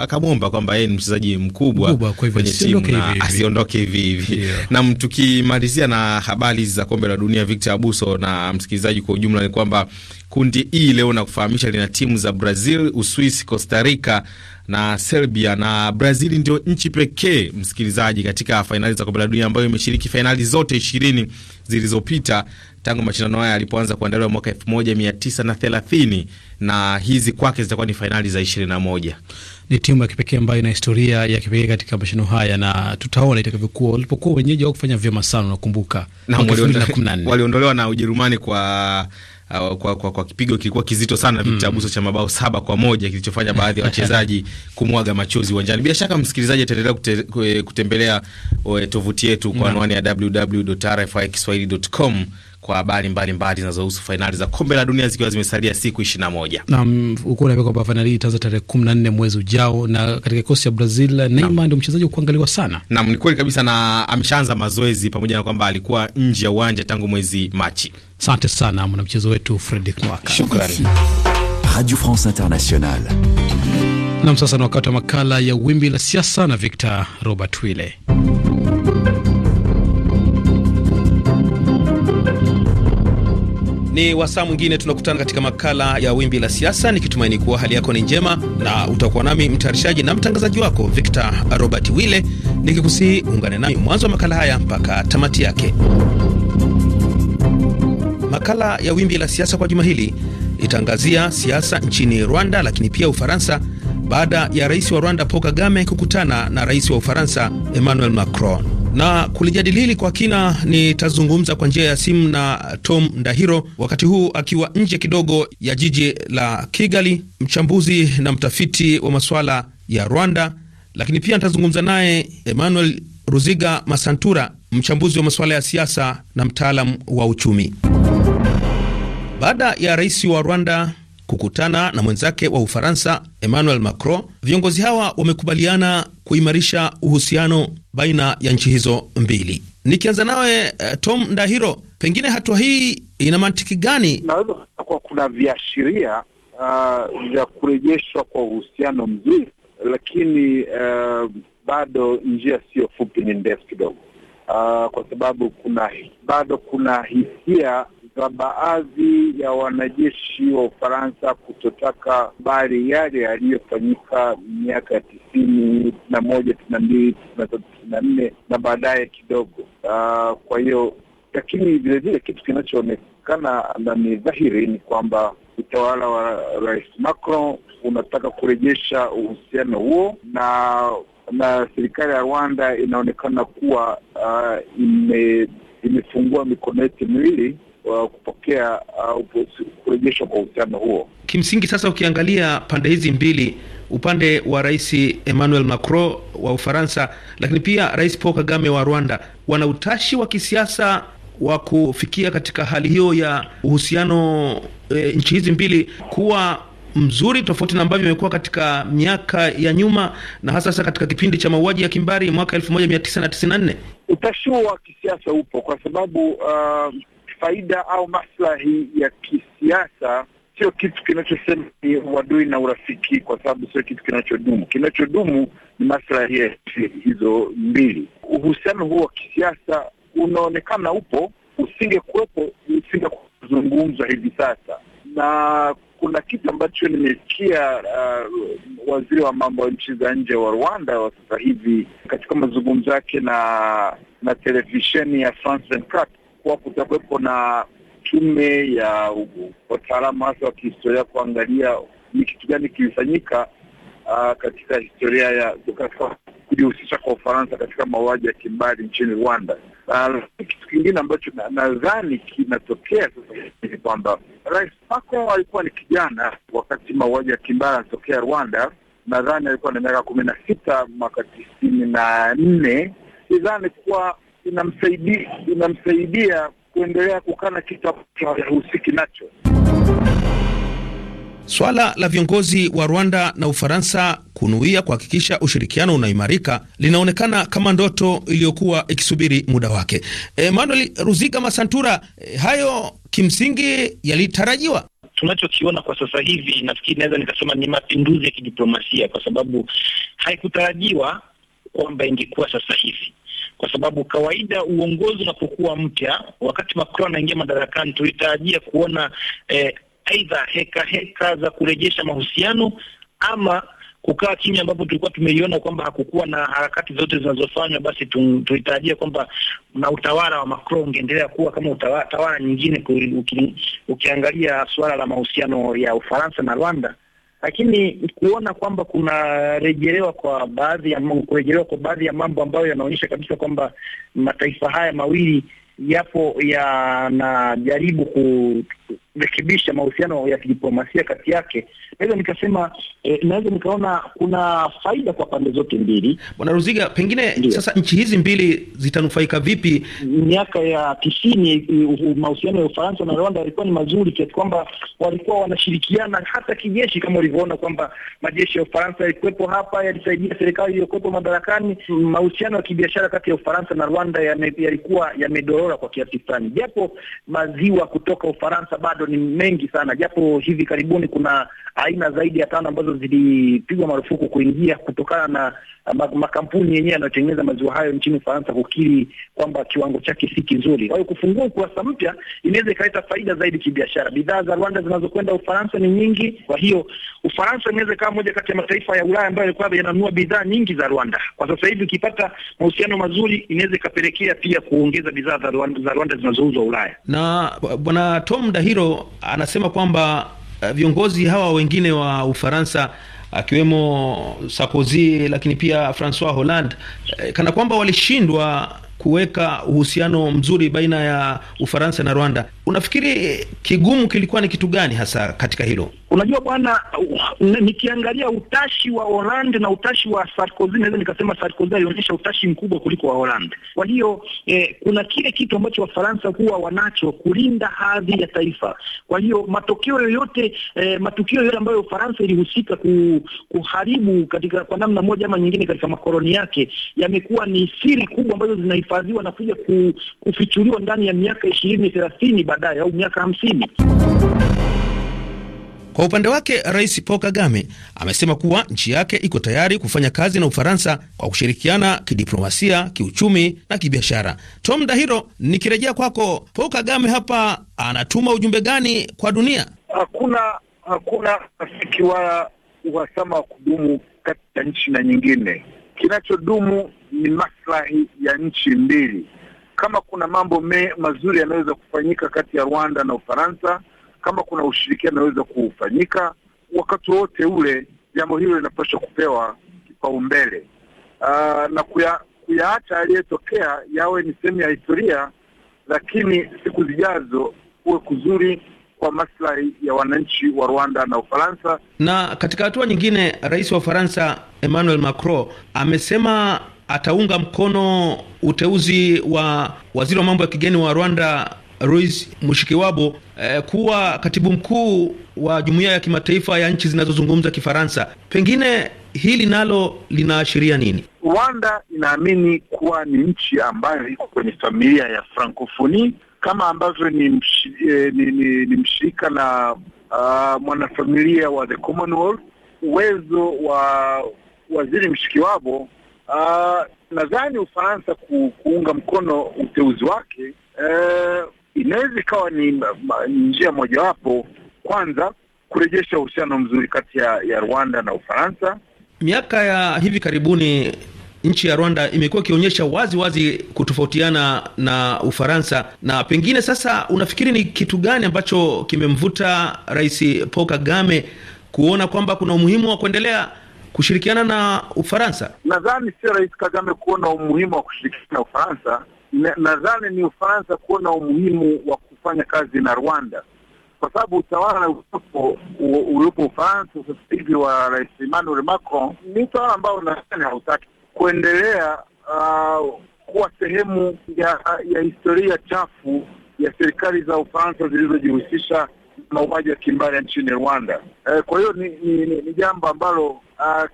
akamwomba kwamba yeye ni mchezaji mkubwa kwenye timu na asiondoke hivi hivi. Na tukimalizia na habari za kombe la dunia, Victor Abuso na msikilizaji kwa ujumla, ni kwamba kundi hii e leo na kufahamisha lina timu za Brazil, Uswisi, Costa Rica na Serbia na Brazil ndio nchi pekee msikilizaji, katika fainali za kombe la dunia ambayo imeshiriki fainali zote ishirini zilizopita tangu mashindano haya yalipoanza kuandaliwa mwaka elfu moja mia tisa na thelathini na hizi kwake zitakuwa ni fainali za ishirini na moja. Ni timu ya kipekee ambayo ina historia ya kipekee katika mashindano haya, na tutaona itakavyokuwa. Walipokuwa wenyeji wao kufanya vyema sana, unakumbuka waliondolewa na Ujerumani kwa uh, kwa, kwa, kwa, kipigo kilikuwa kizito sana, kitabuso mm, cha mabao saba kwa moja kilichofanya baadhi ya wachezaji [LAUGHS] kumwaga machozi uwanjani. Bila shaka, msikilizaji ataendelea kute, kutembelea uh, tovuti yetu kwa anwani ya www.rfikiswahili.com kwa habari mbalimbali zinazohusu fainali za kombe la dunia zikiwa zimesalia siku ishirini na moja. Naam, ukiona kwamba fainali hii itaanza tarehe kumi na nne mwezi ujao, na katika kikosi cha Brazil Neymar ndio mchezaji wa kuangaliwa sana. Naam, ni kweli kabisa, na ameshaanza mazoezi pamoja na kwamba alikuwa nje ya uwanja tangu mwezi Machi. Asante sana mwanamchezo wetu Fredrick Nwaka, shukrani. Radio France Internationale. Nam, sasa ni wakati wa makala ya wimbi la siasa na Victor Robert Wile. Ni wasaa mwingine tunakutana katika makala ya Wimbi la Siasa, nikitumaini kuwa hali yako ni njema na utakuwa nami mtayarishaji na mtangazaji wako Victor Robert Wille, nikikusihi uungane nami mwanzo wa makala haya mpaka tamati yake. Makala ya Wimbi la Siasa kwa juma hili itaangazia siasa nchini Rwanda, lakini pia Ufaransa baada ya rais wa Rwanda Paul Kagame kukutana na rais wa Ufaransa Emmanuel Macron na kulijadilili kwa kina, nitazungumza kwa njia ya simu na Tom Ndahiro, wakati huu akiwa nje kidogo ya jiji la Kigali, mchambuzi na mtafiti wa masuala ya Rwanda, lakini pia nitazungumza naye Emmanuel Ruziga Masantura, mchambuzi wa masuala ya siasa na mtaalam wa uchumi. Baada ya rais wa Rwanda kukutana na mwenzake wa Ufaransa Emmanuel Macron, viongozi hawa wamekubaliana kuimarisha uhusiano baina ya nchi hizo mbili. Nikianza nawe eh, Tom Ndahiro, pengine hatua hii ina mantiki gani? Naweza kuwa kuna viashiria uh, vya kurejeshwa kwa uhusiano mzuri, lakini uh, bado njia siyo fupi, ni ndefu kidogo, uh, kwa sababu kuna bado kuna hisia za baadhi ya wanajeshi wa Ufaransa kutotaka bali yale yaliyofanyika miaka ya tisini na moja tisini na mbili tisini na tatu tisini na nne na baadaye kidogo. Uh, kwa hiyo lakini vilevile kitu kinachoonekana na ni dhahiri ni kwamba utawala wa Rais Macron unataka kurejesha uhusiano huo na na serikali ya Rwanda inaonekana kuwa uh, ime, imefungua mikono yote miwili uh, kupokea uh, kurejeshwa kwa uhusiano huo. Kimsingi sasa, ukiangalia pande hizi mbili, upande wa Rais Emmanuel Macron wa Ufaransa, lakini pia Rais Paul Kagame wa Rwanda, wana utashi wa kisiasa wa kufikia katika hali hiyo ya uhusiano e, nchi hizi mbili kuwa mzuri tofauti na ambavyo imekuwa katika miaka ya nyuma na hasa sasa katika kipindi cha mauaji ya kimbari mwaka elfu moja mia tisa na tisini na nne. Utashi huo wa kisiasa upo kwa sababu uh, faida au maslahi ya kisiasa sio kitu kinachosema ni uadui na urafiki, kwa sababu sio kitu kinachodumu. Kinachodumu ni maslahi ya hizo mbili. Uhusiano huo wa kisiasa unaonekana upo, usingekuwepo usingezungumzwa hivi sasa. Na kuna kitu ambacho nimesikia uh, waziri wa mambo ya nchi za nje wa Rwanda wa sasa hivi katika mazungumzo yake na na televisheni ya France kuwa kutakuwepo na tume ya wataalamu hasa wa kihistoria kuangalia ni kitu gani kilifanyika uh, katika historia ya katika kujihusisha kwa Ufaransa katika mauaji ya kimbari nchini Rwanda. Uh, kitu kingine ambacho nadhani kinatokea sasa ni kwamba Rais Pako alikuwa ni kijana wakati mauaji ya kimbari anatokea Rwanda. Nadhani alikuwa na miaka kumi na sita mwaka tisini na nne. Sidhani kuwa inamsaidia inamsaidia kuendelea kukana kitu ambacho hawahusiki nacho. Swala la viongozi wa Rwanda na Ufaransa kunuia kuhakikisha ushirikiano unaimarika linaonekana kama ndoto iliyokuwa ikisubiri muda wake. Emmanuel Ruziga Masantura, e, eh, hayo kimsingi yalitarajiwa. Tunachokiona kwa sasa hivi, nafikiri naweza nikasema ni mapinduzi ya kidiplomasia, kwa sababu haikutarajiwa kwamba ingekuwa sasa hivi kwa sababu kawaida uongozi unapokuwa mpya, wakati Macron anaingia madarakani, tulitarajia kuona eh, aidha heka heka za kurejesha mahusiano ama kukaa kimya, ambapo tulikuwa tumeiona kwamba hakukuwa na harakati zote zinazofanywa. Basi tulitarajia kwamba na utawala wa Macron ungeendelea kuwa kama utawala nyingine, ukiangalia suala la mahusiano ya Ufaransa na Rwanda lakini kuona kwamba kuna rejelewa kwa baadhi ya kurejelewa kwa baadhi ya mambo ambayo yanaonyesha kabisa kwamba mataifa haya mawili yapo yanajaribu ku kurekebisha mahusiano ya kidiplomasia kati yake. Naweza nikasema eh, naweza nikaona kuna faida kwa pande zote mbili. Bwana Ruziga, pengine Ndiyo. Sasa nchi hizi mbili zitanufaika vipi? Miaka ya tisini eh, mahusiano ya Ufaransa na Rwanda yalikuwa ni mazuri kiasi kwamba walikuwa wanashirikiana hata kijeshi, kama ulivyoona kwamba majeshi ya Ufaransa yalikuwepo hapa, yalisaidia serikali iliyokuwepo madarakani. Hmm. Mahusiano ya kibiashara kati ya Ufaransa na Rwanda yalikuwa yamedorora kwa kiasi fulani, japo maziwa kutoka Ufaransa bado bado ni mengi sana, japo hivi karibuni kuna aina zaidi ya tano ambazo zilipigwa marufuku kuingia kutokana na Eh, makampuni yenyewe yanayotengeneza maziwa hayo nchini Ufaransa kukiri kwamba kiwango chake si kizuri. Kwa hiyo kufungua ukurasa mpya inaweza ikaleta faida zaidi kibiashara. Bidhaa za Rwanda zinazokwenda Ufaransa ni nyingi, kwa hiyo Ufaransa inaweza ikawa moja kati ya mataifa ya Ulaya ambayo yalikuwa yananunua bidhaa nyingi za Rwanda. Kwa sasa hivi ukipata mahusiano mazuri, inaweza ikapelekea pia kuongeza bidhaa za Rwanda, za Rwanda zinazouzwa Ulaya. Na bwana Tom Dahiro anasema kwamba eh, viongozi hawa wengine wa Ufaransa akiwemo Sarkozy, lakini pia Francois Hollande, eh, kana kwamba walishindwa kuweka uhusiano mzuri baina ya Ufaransa na Rwanda. Unafikiri kigumu kilikuwa ni kitu gani hasa katika hilo? Unajua bwana, nikiangalia utashi wa Hollande na utashi wa Sarkozy, naweza nikasema Sarkozy alionyesha utashi mkubwa kuliko wa Hollande. Kwa hiyo eh, kuna kile kitu ambacho Wafaransa huwa wanacho, kulinda hadhi ya taifa. Kwa hiyo matokeo yoyote eh, matukio yote ambayo Ufaransa ilihusika kuharibu katika kwa namna moja ama nyingine katika makoloni yake yamekuwa ni siri kubwa ambazo zinahifadhiwa na kuja kufichuliwa ndani ya miaka ishirini thelathini baadaye au miaka hamsini. Kwa upande wake Rais Paul Kagame amesema kuwa nchi yake iko tayari kufanya kazi na Ufaransa kwa kushirikiana kidiplomasia, kiuchumi na kibiashara. Tom Dahiro, nikirejea kwako, Paul Kagame hapa anatuma ujumbe gani kwa dunia? Hakuna hakuna rafiki wala uhasama wa kudumu kati ya nchi na nyingine. Kinachodumu ni maslahi ya nchi mbili. Kama kuna mambo me, mazuri yanayoweza kufanyika kati ya Rwanda na Ufaransa kama kuna ushirikiano unaweza kufanyika wakati wowote ule, jambo hilo linapaswa kupewa kipaumbele ah, na kuya, kuyaacha yaliyotokea yawe ni sehemu ya historia, lakini siku zijazo kuwe kuzuri kwa maslahi ya wananchi wa Rwanda na Ufaransa. Na katika hatua nyingine, rais wa Ufaransa Emmanuel Macron amesema ataunga mkono uteuzi wa waziri wa mambo ya kigeni wa Rwanda Ruiz Mushikiwabo eh, kuwa katibu mkuu wa jumuiya ya kimataifa ya nchi zinazozungumza Kifaransa. Pengine hili nalo linaashiria nini? Rwanda inaamini kuwa ni nchi ambayo iko kwenye familia ya Francophonie kama ambavyo ni, mshi, eh, ni, ni, ni mshirika na uh, mwanafamilia wa the Commonwealth. Uwezo wa waziri Mushikiwabo uh, nadhani Ufaransa ku, kuunga mkono uteuzi wake eh, inaweza ikawa ni njia mojawapo, kwanza kurejesha uhusiano mzuri kati ya, ya Rwanda na Ufaransa. Miaka ya hivi karibuni nchi ya Rwanda imekuwa ikionyesha wazi wazi kutofautiana na Ufaransa, na pengine sasa, unafikiri ni kitu gani ambacho kimemvuta Rais Paul Kagame kuona kwamba kuna umuhimu wa kuendelea kushirikiana na Ufaransa? Nadhani sio Rais Kagame kuona umuhimu wa kushirikiana na Ufaransa, nadhani na ni Ufaransa kuona umuhimu wa kufanya kazi na Rwanda kwa sababu utawala uliopo Ufaransa sasa hivi wa Rais Emmanuel Macron ni utawala ambao nadhani hautaki kuendelea uh, kuwa sehemu ya, ya historia chafu ya serikali za Ufaransa zilizojihusisha mauaji ya kimbari nchini Rwanda. Eh, kwa hiyo ni, ni, ni, ni jambo ambalo uh,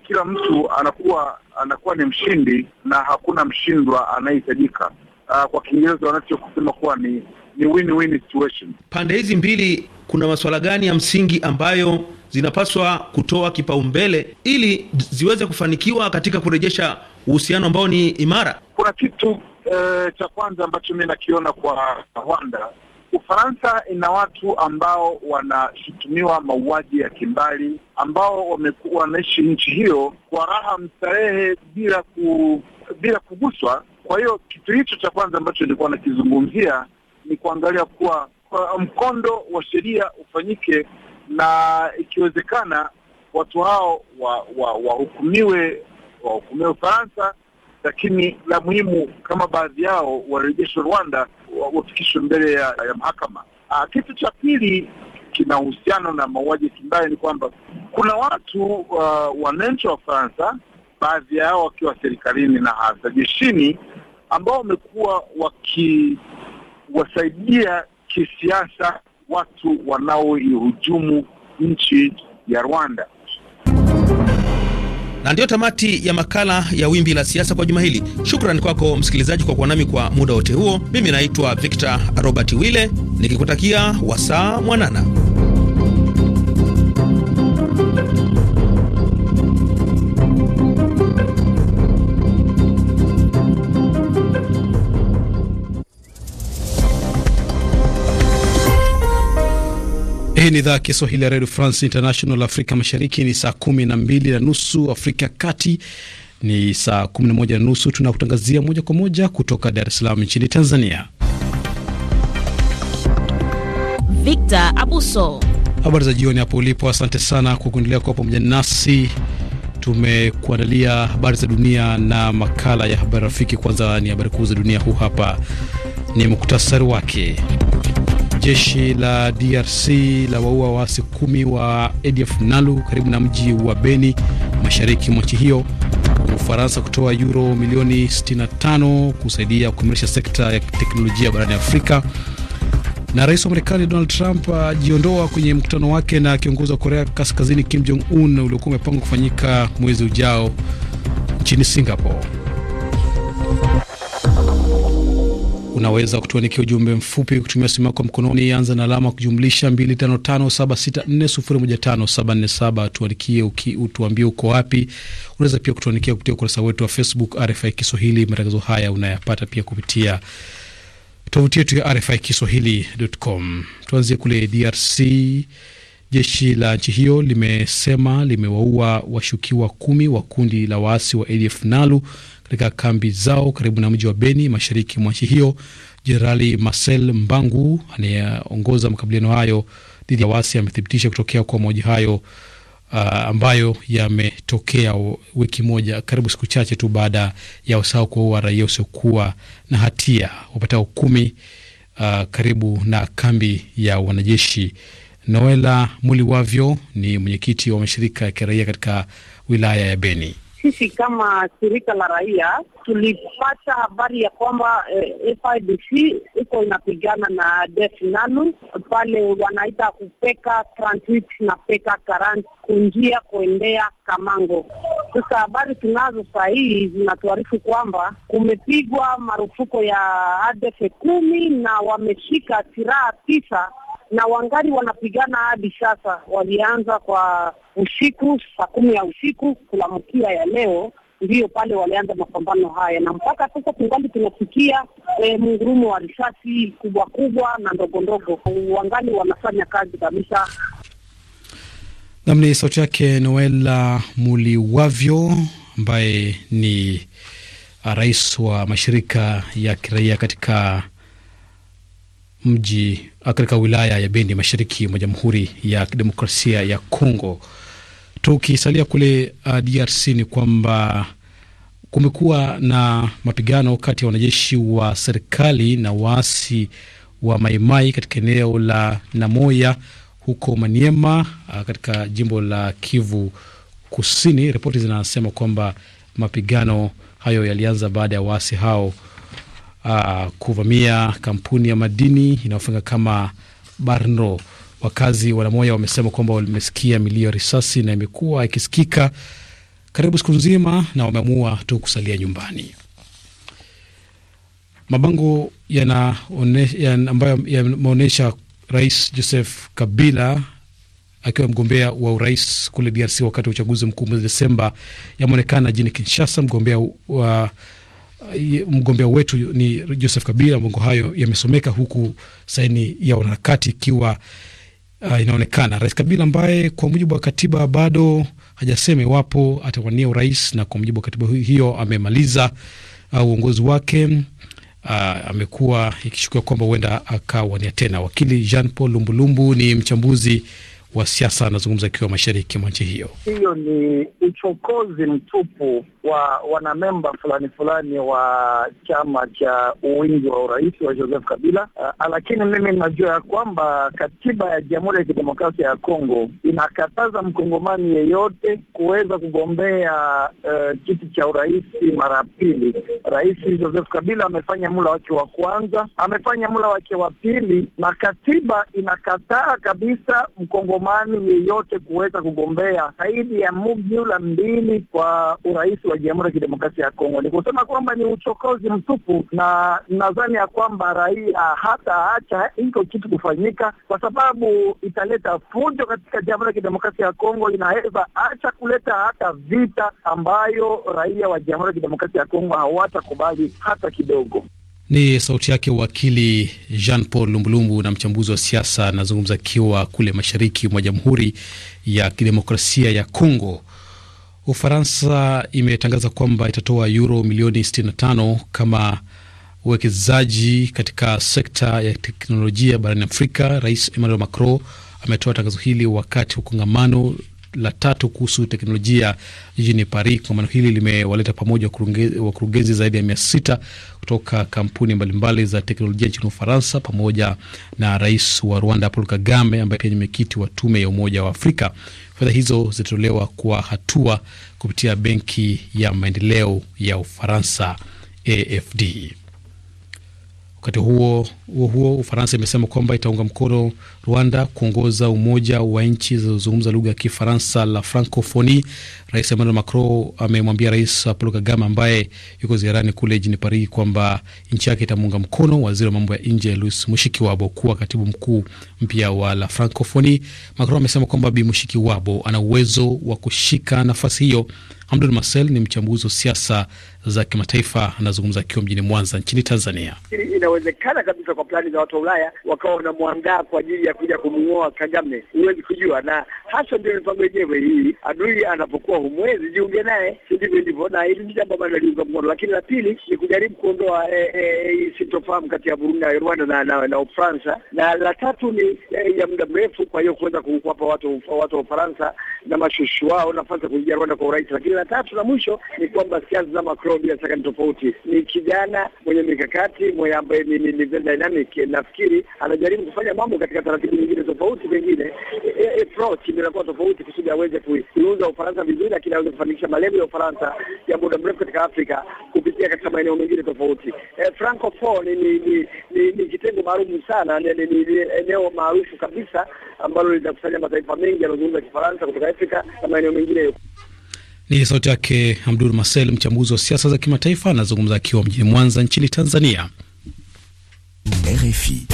kila mtu anakuwa anakuwa ni mshindi na hakuna mshindwa anayehitajika uh, kwa Kiingereza wanachokusema kuwa ni ni win-win situation. Pande hizi mbili kuna masuala gani ya msingi ambayo zinapaswa kutoa kipaumbele ili ziweze kufanikiwa katika kurejesha uhusiano ambao ni imara? Kuna kitu e, cha kwanza ambacho mi nakiona kwa Rwanda. Ufaransa ina watu ambao wanashutumiwa mauaji ya kimbali ambao wamekuwa wanaishi nchi hiyo kwa raha mstarehe bila ku, bila kuguswa kwa hiyo kitu hicho cha kwanza ambacho nilikuwa nakizungumzia ni kuangalia kuwa mkondo wa sheria ufanyike na ikiwezekana watu hao wahukumiwe wa, wahukumiwe Ufaransa, lakini la muhimu kama baadhi yao warejeshwe Rwanda, wafikishwe mbele ya, ya mahakama. Ah, kitu cha pili kina uhusiano na mauaji ya kimbari ni kwamba kuna watu uh, wananchi wa Ufaransa baadhi yao wakiwa serikalini na hasa jeshini, ambao wamekuwa wakiwasaidia kisiasa watu wanaoihujumu nchi ya Rwanda. Na ndiyo tamati ya makala ya Wimbi la Siasa kwa juma hili. Shukrani kwako msikilizaji kwa kuwa nami kwa muda wote huo. Mimi naitwa Victor Robert Wille nikikutakia wasaa mwanana. Hii ni idhaa ya Kiswahili ya redio France International. Afrika Mashariki ni saa kumi na mbili na nusu, Afrika ya Kati ni saa kumi na moja na nusu. Tunakutangazia moja kwa moja kutoka Dar es Salaam nchini Tanzania. Victor Abuso, habari za jioni hapo ulipo. Asante sana kwa kuendelea kuwa pamoja nasi. Tumekuandalia habari za dunia na makala ya habari rafiki. Kwanza ni habari kuu za dunia, huu hapa ni muktasari wake. Jeshi la DRC la waua waasi kumi wa ADF Nalu karibu na mji wa Beni mashariki mwa nchi hiyo. Ufaransa kutoa euro milioni 65 kusaidia kuimarisha sekta ya teknolojia barani Afrika. Na rais wa Marekani Donald Trump ajiondoa kwenye mkutano wake na kiongozi wa Korea Kaskazini Kim Jong Un uliokuwa umepangwa kufanyika mwezi ujao nchini Singapore. Unaweza kutuanikia ujumbe mfupi kutumia simu yako mkononi, anza na alama kujumlisha 255764015747. Tuandikie utuambie uko wapi. Unaweza pia kutuanikia kupitia ukurasa wetu wa Facebook RFI Kiswahili. Matangazo haya unayapata pia kupitia tovuti yetu ya RFI Kiswahili.com. Tuanzie kule DRC. Jeshi la nchi hiyo limesema limewaua washukiwa kumi wa kundi la waasi wa ADF Nalu katika kambi zao karibu na mji wa Beni, mashariki mwa nchi hiyo. Jenerali Marcel Mbangu anayeongoza makabiliano hayo dhidi ya wasi amethibitisha kutokea kwa mauaji hayo uh, ambayo yametokea wiki moja karibu siku chache tu baada ya wasao kuwaua raia usiokuwa na hatia wapatao kumi uh, karibu na kambi ya wanajeshi. Noela Muliwavyo ni mwenyekiti wa mashirika ya kiraia katika wilaya ya Beni sisi kama shirika la raia tulipata habari ya kwamba eh, FIDC iko inapigana na DEF NALU pale wanaita kupeka transit na peka karant kunjia kuendea Kamango. Sasa habari tunazo sahihi zinatuarifu kwamba kumepigwa marufuko ya ADF kumi na wameshika silaha tisa na wangali wanapigana hadi sasa, walianza kwa usiku saa kumi ya usiku kulamkia ya leo ndiyo pale walianza mapambano haya, na mpaka sasa kungali tunasikia e, eh, mungurumo wa risasi kubwa kubwa na ndogo ndogo, wangali wanafanya kazi kabisa. Nam ni sauti yake Noela Muliwavyo ambaye ni ah, rais wa mashirika ya kiraia katika mji ah, katika wilaya ya Beni mashariki mwa Jamhuri ya Kidemokrasia ya Kongo. Tukisalia kule uh, DRC ni kwamba kumekuwa na mapigano kati ya wanajeshi wa serikali na waasi wa Maimai katika eneo la Namoya huko Maniema uh, katika jimbo la Kivu Kusini. Ripoti zinasema kwamba mapigano hayo yalianza baada ya waasi hao uh, kuvamia kampuni ya madini inayofanyika kama Barno. Wakazi wa wamesema kwamba wamesikia milio ya risasi na imekuwa ikisikika karibu siku nzima na wameamua tu kusalia nyumbani. Mabango ambayo yameonyesha Rais Joseph Kabila akiwa mgombea wa urais kule DRC wakati wa uchaguzi mkuu mwezi Desemba yameonekana jini Kinshasa. Mgombea wa mgombea wetu ni Joseph Kabila. Mabango hayo yamesomeka huku saini ya wanaharakati ikiwa uh, inaonekana Rais Kabila ambaye kwa mujibu wa katiba bado hajasema iwapo atawania urais, na kwa mujibu wa katiba hiyo amemaliza ah, uongozi uh, wake. Uh, amekuwa ikishukiwa kwamba huenda akawania tena. Wakili Jean Paul Lumbulumbu ni mchambuzi wa siasa, anazungumza akiwa mashariki mwa nchi hiyo. Hiyo ni uchokozi mtupu wa wanamemba fulani fulani wa chama cha uwingi wa urais wa Joseph Kabila. Uh, lakini mimi najua ya kwamba katiba ya Jamhuri ya Kidemokrasia ya Kongo inakataza mkongomani yeyote kuweza kugombea uh, kiti cha urais mara pili. Rais Joseph Kabila amefanya mula wake wa kwanza, amefanya mula wake wa pili, na katiba inakataa kabisa mkongomani yeyote kuweza kugombea zaidi ya mugula mbili kwa urais wa Jamhuri ya Kidemokrasia ya Kongo. Ni kusema kwamba ni uchokozi mtupu, na nadhani ya kwamba raia hata acha hiko kitu kufanyika, kwa sababu italeta fujo katika Jamhuri ya Kidemokrasia ya Kongo, inaweza acha kuleta hata vita ambayo raia wa Jamhuri ya Kidemokrasia ya Kongo hawatakubali hata kidogo. Ni sauti yake wakili Jean Paul Lumbulumbu, na mchambuzi wa siasa, anazungumza akiwa kule mashariki mwa Jamhuri ya Kidemokrasia ya Kongo. Ufaransa imetangaza kwamba itatoa euro milioni 65 kama uwekezaji katika sekta ya teknolojia barani Afrika. Rais Emmanuel Macron ametoa tangazo hili wakati wa kongamano la tatu kuhusu teknolojia jijini Paris. Kongamano hili limewaleta pamoja wakurugenzi zaidi ya mia sita kutoka kampuni mbalimbali za teknolojia nchini Ufaransa pamoja na rais wa Rwanda Paul Kagame ambaye pia ni mwenyekiti wa tume ya Umoja wa Afrika. Fedha hizo zitatolewa kwa hatua kupitia Benki ya Maendeleo ya Ufaransa, AFD. Wakati huo huo, Ufaransa imesema kwamba itaunga mkono Rwanda kuongoza umoja wa nchi zinazozungumza lugha ya Kifaransa la Francofoni. Rais Emmanuel Macron amemwambia Rais Paul Kagame ambaye yuko ziarani kule jini Paris kwamba nchi yake itamuunga mkono waziri wa mambo ya nje Louis Mushikiwabo kuwa katibu mkuu mpya wa la Francofoni. Macron amesema kwamba Bi Mushikiwabo ana uwezo wa kushika nafasi hiyo. Hamdun Marcel ni mchambuzi wa siasa za kimataifa, anazungumza akiwa mjini Mwanza nchini Tanzania. Inawezekana kabisa kwa plani za watu wa Ulaya wakawa wanamwandaa kwa ajili ya kuja kumng'oa Kagame, huwezi kujua, na hasa ndio mipango yenyewe hii. Adui anapokuwa humwezi jiunge naye, si ndivyo ilivyo, na hili ni jambo ambalo naliunga mkono. Lakini la pili ni kujaribu kuondoa e, sintofahamu kati ya Burundi na Rwanda na, na, na Ufaransa, na la tatu ni eh, ya muda mrefu, kwa hiyo kuweza kuwapa watu watu wa Ufaransa na mashushu wao nafasi ya kuingia Rwanda kwa urahisi. Lakini la tatu na mwisho ni kwamba siasa za Macron bila shaka ni tofauti, ni kijana mwenye mikakati mwenye ambaye ni, ni, ni dynamic. Nafikiri anajaribu kufanya mambo katika taratibu nyingine tofauti, pengine e, e, approach inakuwa tofauti kusudi aweze kuiuza Ufaransa vizuri, lakini aweze kufanikisha malengo ya Ufaransa ya muda mrefu katika Afrika kupitia katika maeneo mengine tofauti. E, Francophone ni kitengo maalum sana, ni eneo maarufu kabisa ambalo linakusanya mataifa mengi yanayozungumza Kifaransa kutoka Afrika na maeneo mengine. Ni sauti yake Abdul Masel, mchambuzi wa siasa za kimataifa, anazungumza akiwa mjini Mwanza nchini Tanzania. RFI.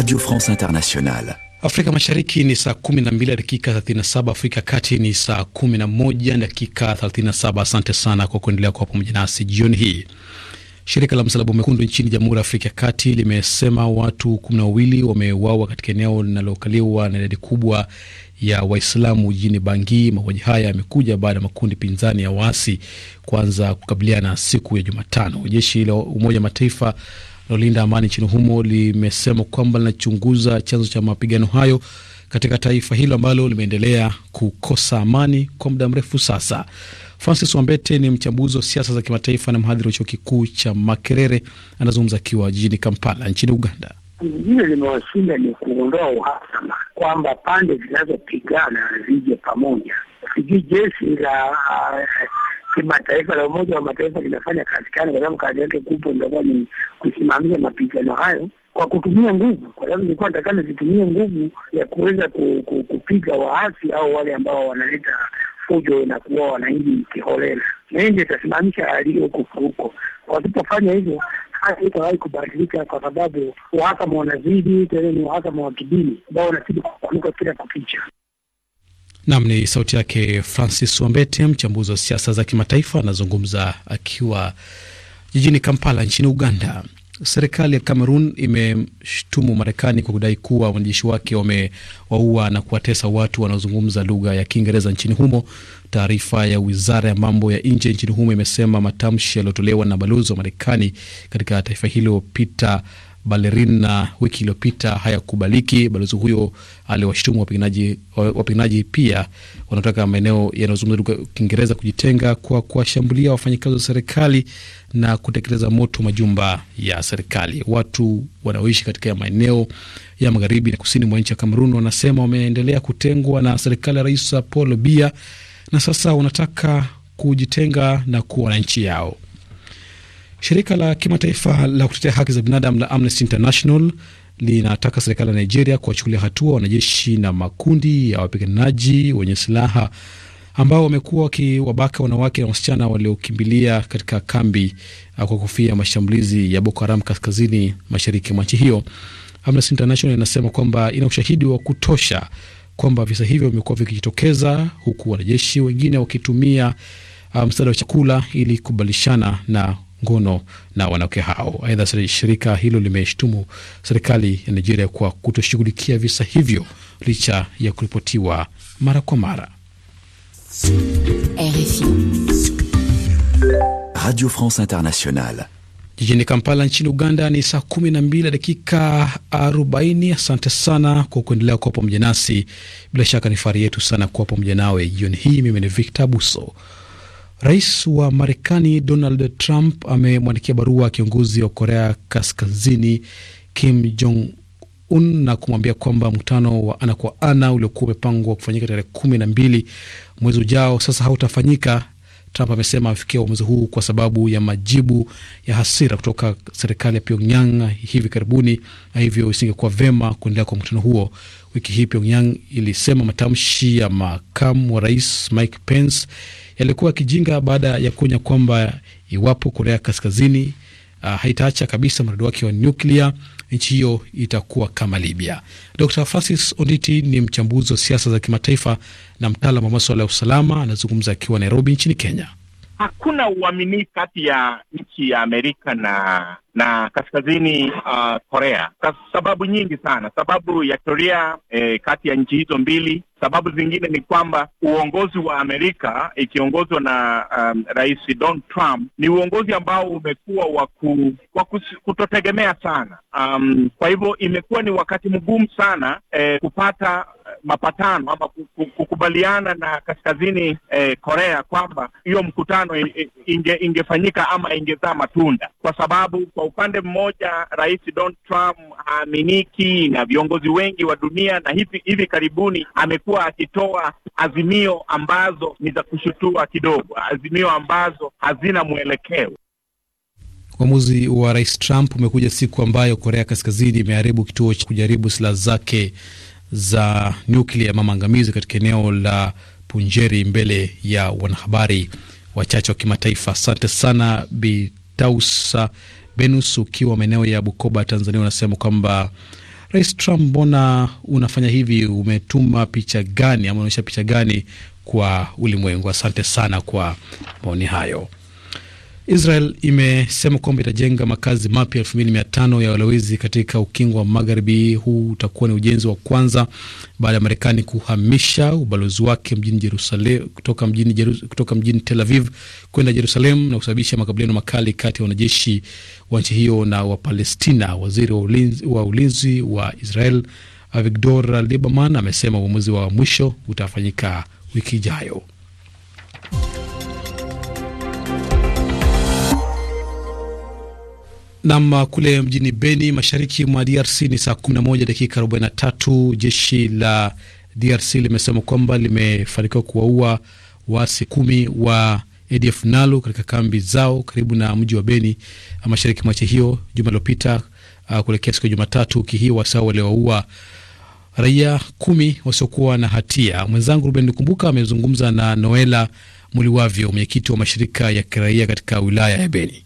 Radio France Internationale. Afrika Mashariki ni saa 12 dakika 37, Afrika Kati ni saa 11 dakika 37. Asante sana kwa kuendelea kuwa pamoja nasi jioni hii. Shirika la Msalaba Mwekundu nchini Jamhuri ya Afrika ya Kati limesema watu kumi na wawili wameuawa katika eneo linalokaliwa na idadi kubwa ya Waislamu jijini Bangi. Mauaji haya yamekuja baada ya makundi pinzani ya waasi kuanza kukabiliana siku ya Jumatano. Jeshi la Umoja wa Mataifa linalolinda amani nchini humo limesema kwamba linachunguza chanzo cha mapigano hayo katika taifa hilo ambalo limeendelea kukosa amani kwa muda mrefu sasa. Francis Wambete ni mchambuzi wa siasa za kimataifa na mhadhiri wa chuo kikuu cha Makerere, anazungumza akiwa jijini Kampala nchini Uganda. Lingine limewashinda ni kuondoa uhasama, kwamba pande zinazopigana zije pamoja, sijui jeshi la kimataifa la Umoja wa Mataifa linafanya kazi kani, kwa sababu kazi yake kubwa itakuwa ni kusimamia mapigano hayo kwa kutumia nguvu, kwa sababu ilikuwa natakana zitumie nguvu ya kuweza ku, ku, kupiga waasi au wale ambao wanaleta fujo na kuwa wananchi kiholela. Na hii ndio itasimamisha hali hiyo huko huko. Wasipofanya hivyo, hali itawahi kubadilika, kwa sababu uhakama wanazidi, tena ni uhakama wa kidini ambao wanazidi kupanuka kila kukicha. Nam ni sauti yake Francis Wambete, mchambuzi wa siasa za kimataifa, anazungumza akiwa jijini Kampala nchini Uganda. Serikali ya cameron imeshtumu Marekani kwa kudai kuwa wanajeshi wake wamewaua na kuwatesa watu wanaozungumza lugha ya Kiingereza nchini humo. Taarifa ya wizara ya mambo ya nje nchini humo imesema matamshi yaliyotolewa na balozi wa Marekani katika taifa hilo Peter Balerin na wiki iliyopita hayakubaliki. Balozi huyo aliwashutumu wapiganaji, wapiganaji pia wanaotaka maeneo yanayozungumza Kiingereza kujitenga kwa kuwashambulia wafanyakazi wa serikali na kutekeleza moto majumba ya serikali. Watu wanaoishi katika maeneo ya magharibi na kusini mwa nchi ya Kamerun wanasema wameendelea kutengwa na serikali ya Rais Paul Biya na sasa wanataka kujitenga na kuwa na nchi yao. Shirika la kimataifa la kutetea haki za binadamu la Amnesty International linataka serikali ya Nigeria kuwachukulia hatua wanajeshi na makundi ya wapiganaji wenye silaha ambao wamekuwa wakiwabaka wanawake na wasichana waliokimbilia katika kambi uh, kwa kufia mashambulizi ya Boko Haram kaskazini mashariki mwa nchi hiyo. Amnesty International inasema kwamba ina ushahidi wa kutosha kwamba visa hivyo vimekuwa vikijitokeza huku wanajeshi wengine wakitumia uh, msaada um, wa chakula ili kubadilishana na ngono na wanawake hao. Aidha, shirika hilo limeshtumu serikali ya Nigeria kwa kutoshughulikia visa hivyo licha ya kuripotiwa mara kwa mara. Radio France Internationale jijini Kampala nchini Uganda ni saa kumi na mbili dakika arobaini. Asante sana kwa kuendelea kuwa pamoja nasi. Bila shaka ni fahari yetu sana kuwa pamoja nawe jioni hii. Mimi ni Victor Buso. Rais wa Marekani Donald Trump amemwandikia barua kiongozi wa Korea Kaskazini Kim Jong Un na kumwambia kwamba mkutano wa ana kwa ana uliokuwa umepangwa kufanyika tarehe kumi na mbili mwezi ujao sasa hautafanyika. Trump amesema amefikia uamuzi huu kwa sababu ya majibu ya hasira kutoka serikali ya Pyongyang hivi karibuni, na hivyo isingekuwa vema kuendelea kwa mkutano huo. Wiki hii Pyongyang ilisema matamshi ya makamu wa rais Mike Pence yalikuwa kijinga baada ya kuonya kwamba iwapo Korea Kaskazini uh, haitaacha kabisa mradi wake wa nyuklia nchi hiyo itakuwa kama Libya. Dr Francis Onditi ni mchambuzi wa siasa za kimataifa na mtaalam wa maswala ya usalama, anazungumza akiwa Nairobi nchini Kenya. Hakuna uaminifu kati ya nchi ya Amerika na na kaskazini uh, Korea kwa sababu nyingi sana, sababu ya historia eh, kati ya nchi hizo mbili. Sababu zingine ni kwamba uongozi wa Amerika ikiongozwa na um, Rais Donald Trump ni uongozi ambao umekuwa wa kutotegemea sana um, kwa hivyo imekuwa ni wakati mgumu sana eh, kupata mapatano ama kukubaliana na kaskazini eh, Korea kwamba hiyo mkutano inge, ingefanyika ama ingezaa matunda kwa sababu kwa upande mmoja Rais Donald Trump haaminiki na viongozi wengi wa dunia, na hivi hivi karibuni amekuwa akitoa azimio ambazo ni za kushutua kidogo, azimio ambazo hazina mwelekeo. Uamuzi wa Rais Trump umekuja siku ambayo Korea Kaskazini imeharibu kituo cha kujaribu silaha zake za nyuklia mamaangamizi katika eneo la Punjeri mbele ya wanahabari wachache wa kimataifa. Asante sana Bitausa Benus ukiwa maeneo ya Bukoba, Tanzania, unasema kwamba Rais Trump, mbona unafanya hivi? Umetuma picha gani ama unaonyesha picha gani kwa ulimwengu? Asante sana kwa maoni hayo. Israel imesema kwamba itajenga makazi mapya elfu mia tano ya walowezi katika ukingo wa Magharibi. Huu utakuwa ni ujenzi wa kwanza baada ya Marekani kuhamisha ubalozi wake mjini Jerusalem, kutoka mjini, kutoka mjini Tel Aviv kwenda Jerusalem na kusababisha makabiliano makali kati ya wanajeshi wa nchi hiyo na Wapalestina. Waziri wa ulinzi wa, ulinzi wa Israel Avigdor Lieberman amesema uamuzi wa mwisho utafanyika wiki ijayo. Nam kule mjini Beni, mashariki mwa DRC ni saa 11 dakika 43. Jeshi la DRC limesema kwamba limefanikiwa kuwaua waasi kumi wa ADF NALU katika kambi zao karibu na mji wa Beni, uh, mashariki mwa nchi hiyo juma lilopita, uh, kuelekea siku ya Jumatatu wiki hii, waasi hao waliwaua raia kumi wasiokuwa na hatia. Mwenzangu Ruben Nikumbuka amezungumza na Noela Muliwavyo, mwenyekiti wa mashirika ya kiraia katika wilaya ya Beni.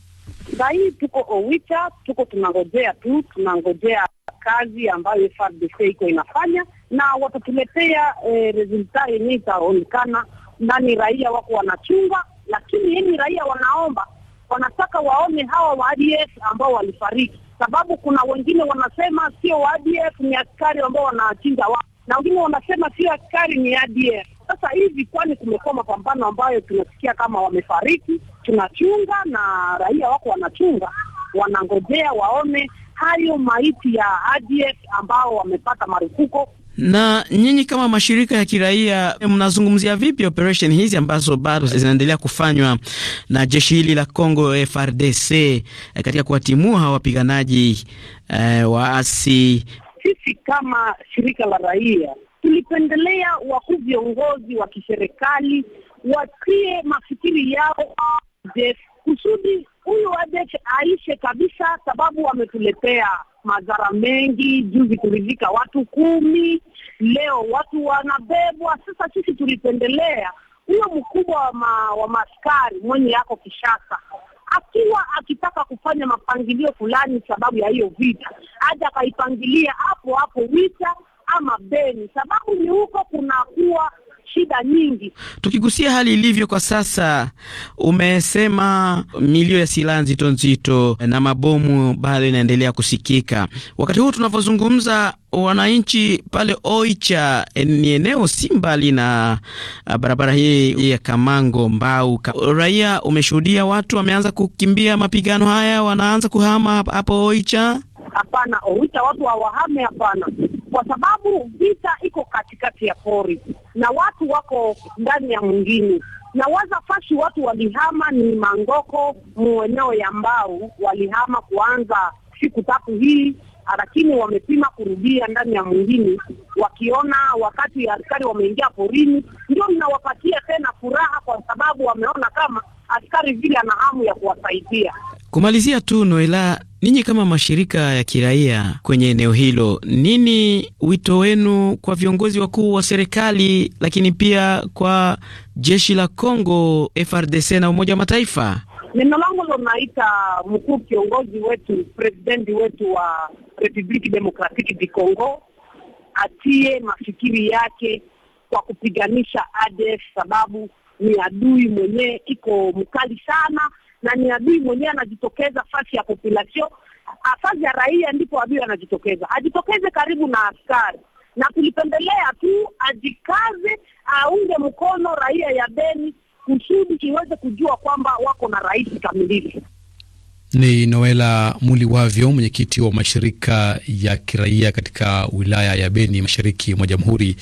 Sahii tuko Owita, tuko tunangojea tu, tunangojea kazi ambayo FARDC iko inafanya na watatuletea e, eh, resulta yenyewe itaonekana nani raia wako wanachunga, lakini yeni raia wanaomba, wanataka waone hawa wa ADF ambao walifariki, sababu kuna wengine wanasema sio wa ADF, ni askari ambao wanachinja wao, na wengine wanasema sio askari, ni ADF. Sasa hivi kwani kumekuwa mapambano ambayo tunasikia kama wamefariki, tunachunga na raia wako wanachunga, wanangojea waone hayo maiti ya ADF ambao wamepata marufuko. Na nyinyi kama mashirika ya kiraia mnazungumzia vipi operation hizi ambazo bado zinaendelea kufanywa na jeshi hili la Congo FRDC katika kuwatimua wapiganaji eh, waasi? Sisi kama shirika la raia tulipendelea wakuu viongozi wa kiserikali watie mafikiri yao ADF kusudi huyu ADF aishe kabisa, sababu wametuletea madhara mengi. Juzi kuridhika watu kumi, leo watu wanabebwa. Sasa sisi tulipendelea huyo mkubwa wa, ma, wa maskari mwenye yako Kishasa akiwa akitaka kufanya mapangilio fulani sababu ya hiyo vita, aja akaipangilia hapo hapo vita ama Beni, sababu ni huko kunakuwa shida nyingi. Tukigusia hali ilivyo kwa sasa, umesema milio ya silaha nzito nzito na mabomu bado inaendelea kusikika. Wakati huu tunavyozungumza, wananchi pale Oicha ni eneo si mbali na uh, barabara hii ya Kamango Mbau. Raia umeshuhudia watu wameanza kukimbia mapigano haya, wanaanza kuhama hapo Oicha. Hapana, Owita watu hawahame, hapana, kwa sababu vita iko katikati ya pori na watu wako ndani ya mwingine na wazafashi watu walihama ni Mangoko mueneo ya Mbau walihama kuanza siku tatu hii, lakini wamepima kurudia ndani ya mwingine, wakiona wakati askari wameingia porini, ndio mnawapatia tena furaha, kwa sababu wameona kama askari vile ana hamu ya kuwasaidia. Kumalizia tu Noela, ninyi kama mashirika ya kiraia kwenye eneo hilo, nini wito wenu kwa viongozi wakuu wa serikali, lakini pia kwa jeshi la congo FRDC na Umoja wa Mataifa? Neno langu lonaita mkuu kiongozi wetu, presidenti wetu wa Republiki Demokratiki di Congo atie mafikiri yake kwa kupiganisha ADF, sababu ni adui mwenyewe iko mkali sana na ni adui mwenyewe anajitokeza fasi ya population, fasi ya raia, ndipo adui anajitokeza, ajitokeze karibu na askari na tulipendelea tu ajikaze, aunge mkono raia ya Beni kusudi iweze kujua kwamba wako na rais kamilifu. Ni Noela Muliwavyo, mwenyekiti wa mashirika ya kiraia katika wilaya ya Beni, mashariki mwa Jamhuri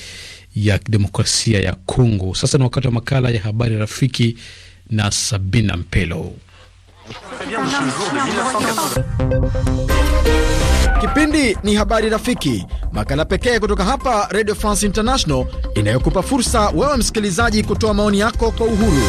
ya Kidemokrasia ya Kongo. Sasa ni wakati wa makala ya habari rafiki na Sabina Mpelo. Kipindi ni Habari Rafiki, makala pekee kutoka hapa Radio France International inayokupa fursa wewe msikilizaji kutoa maoni yako kwa uhuru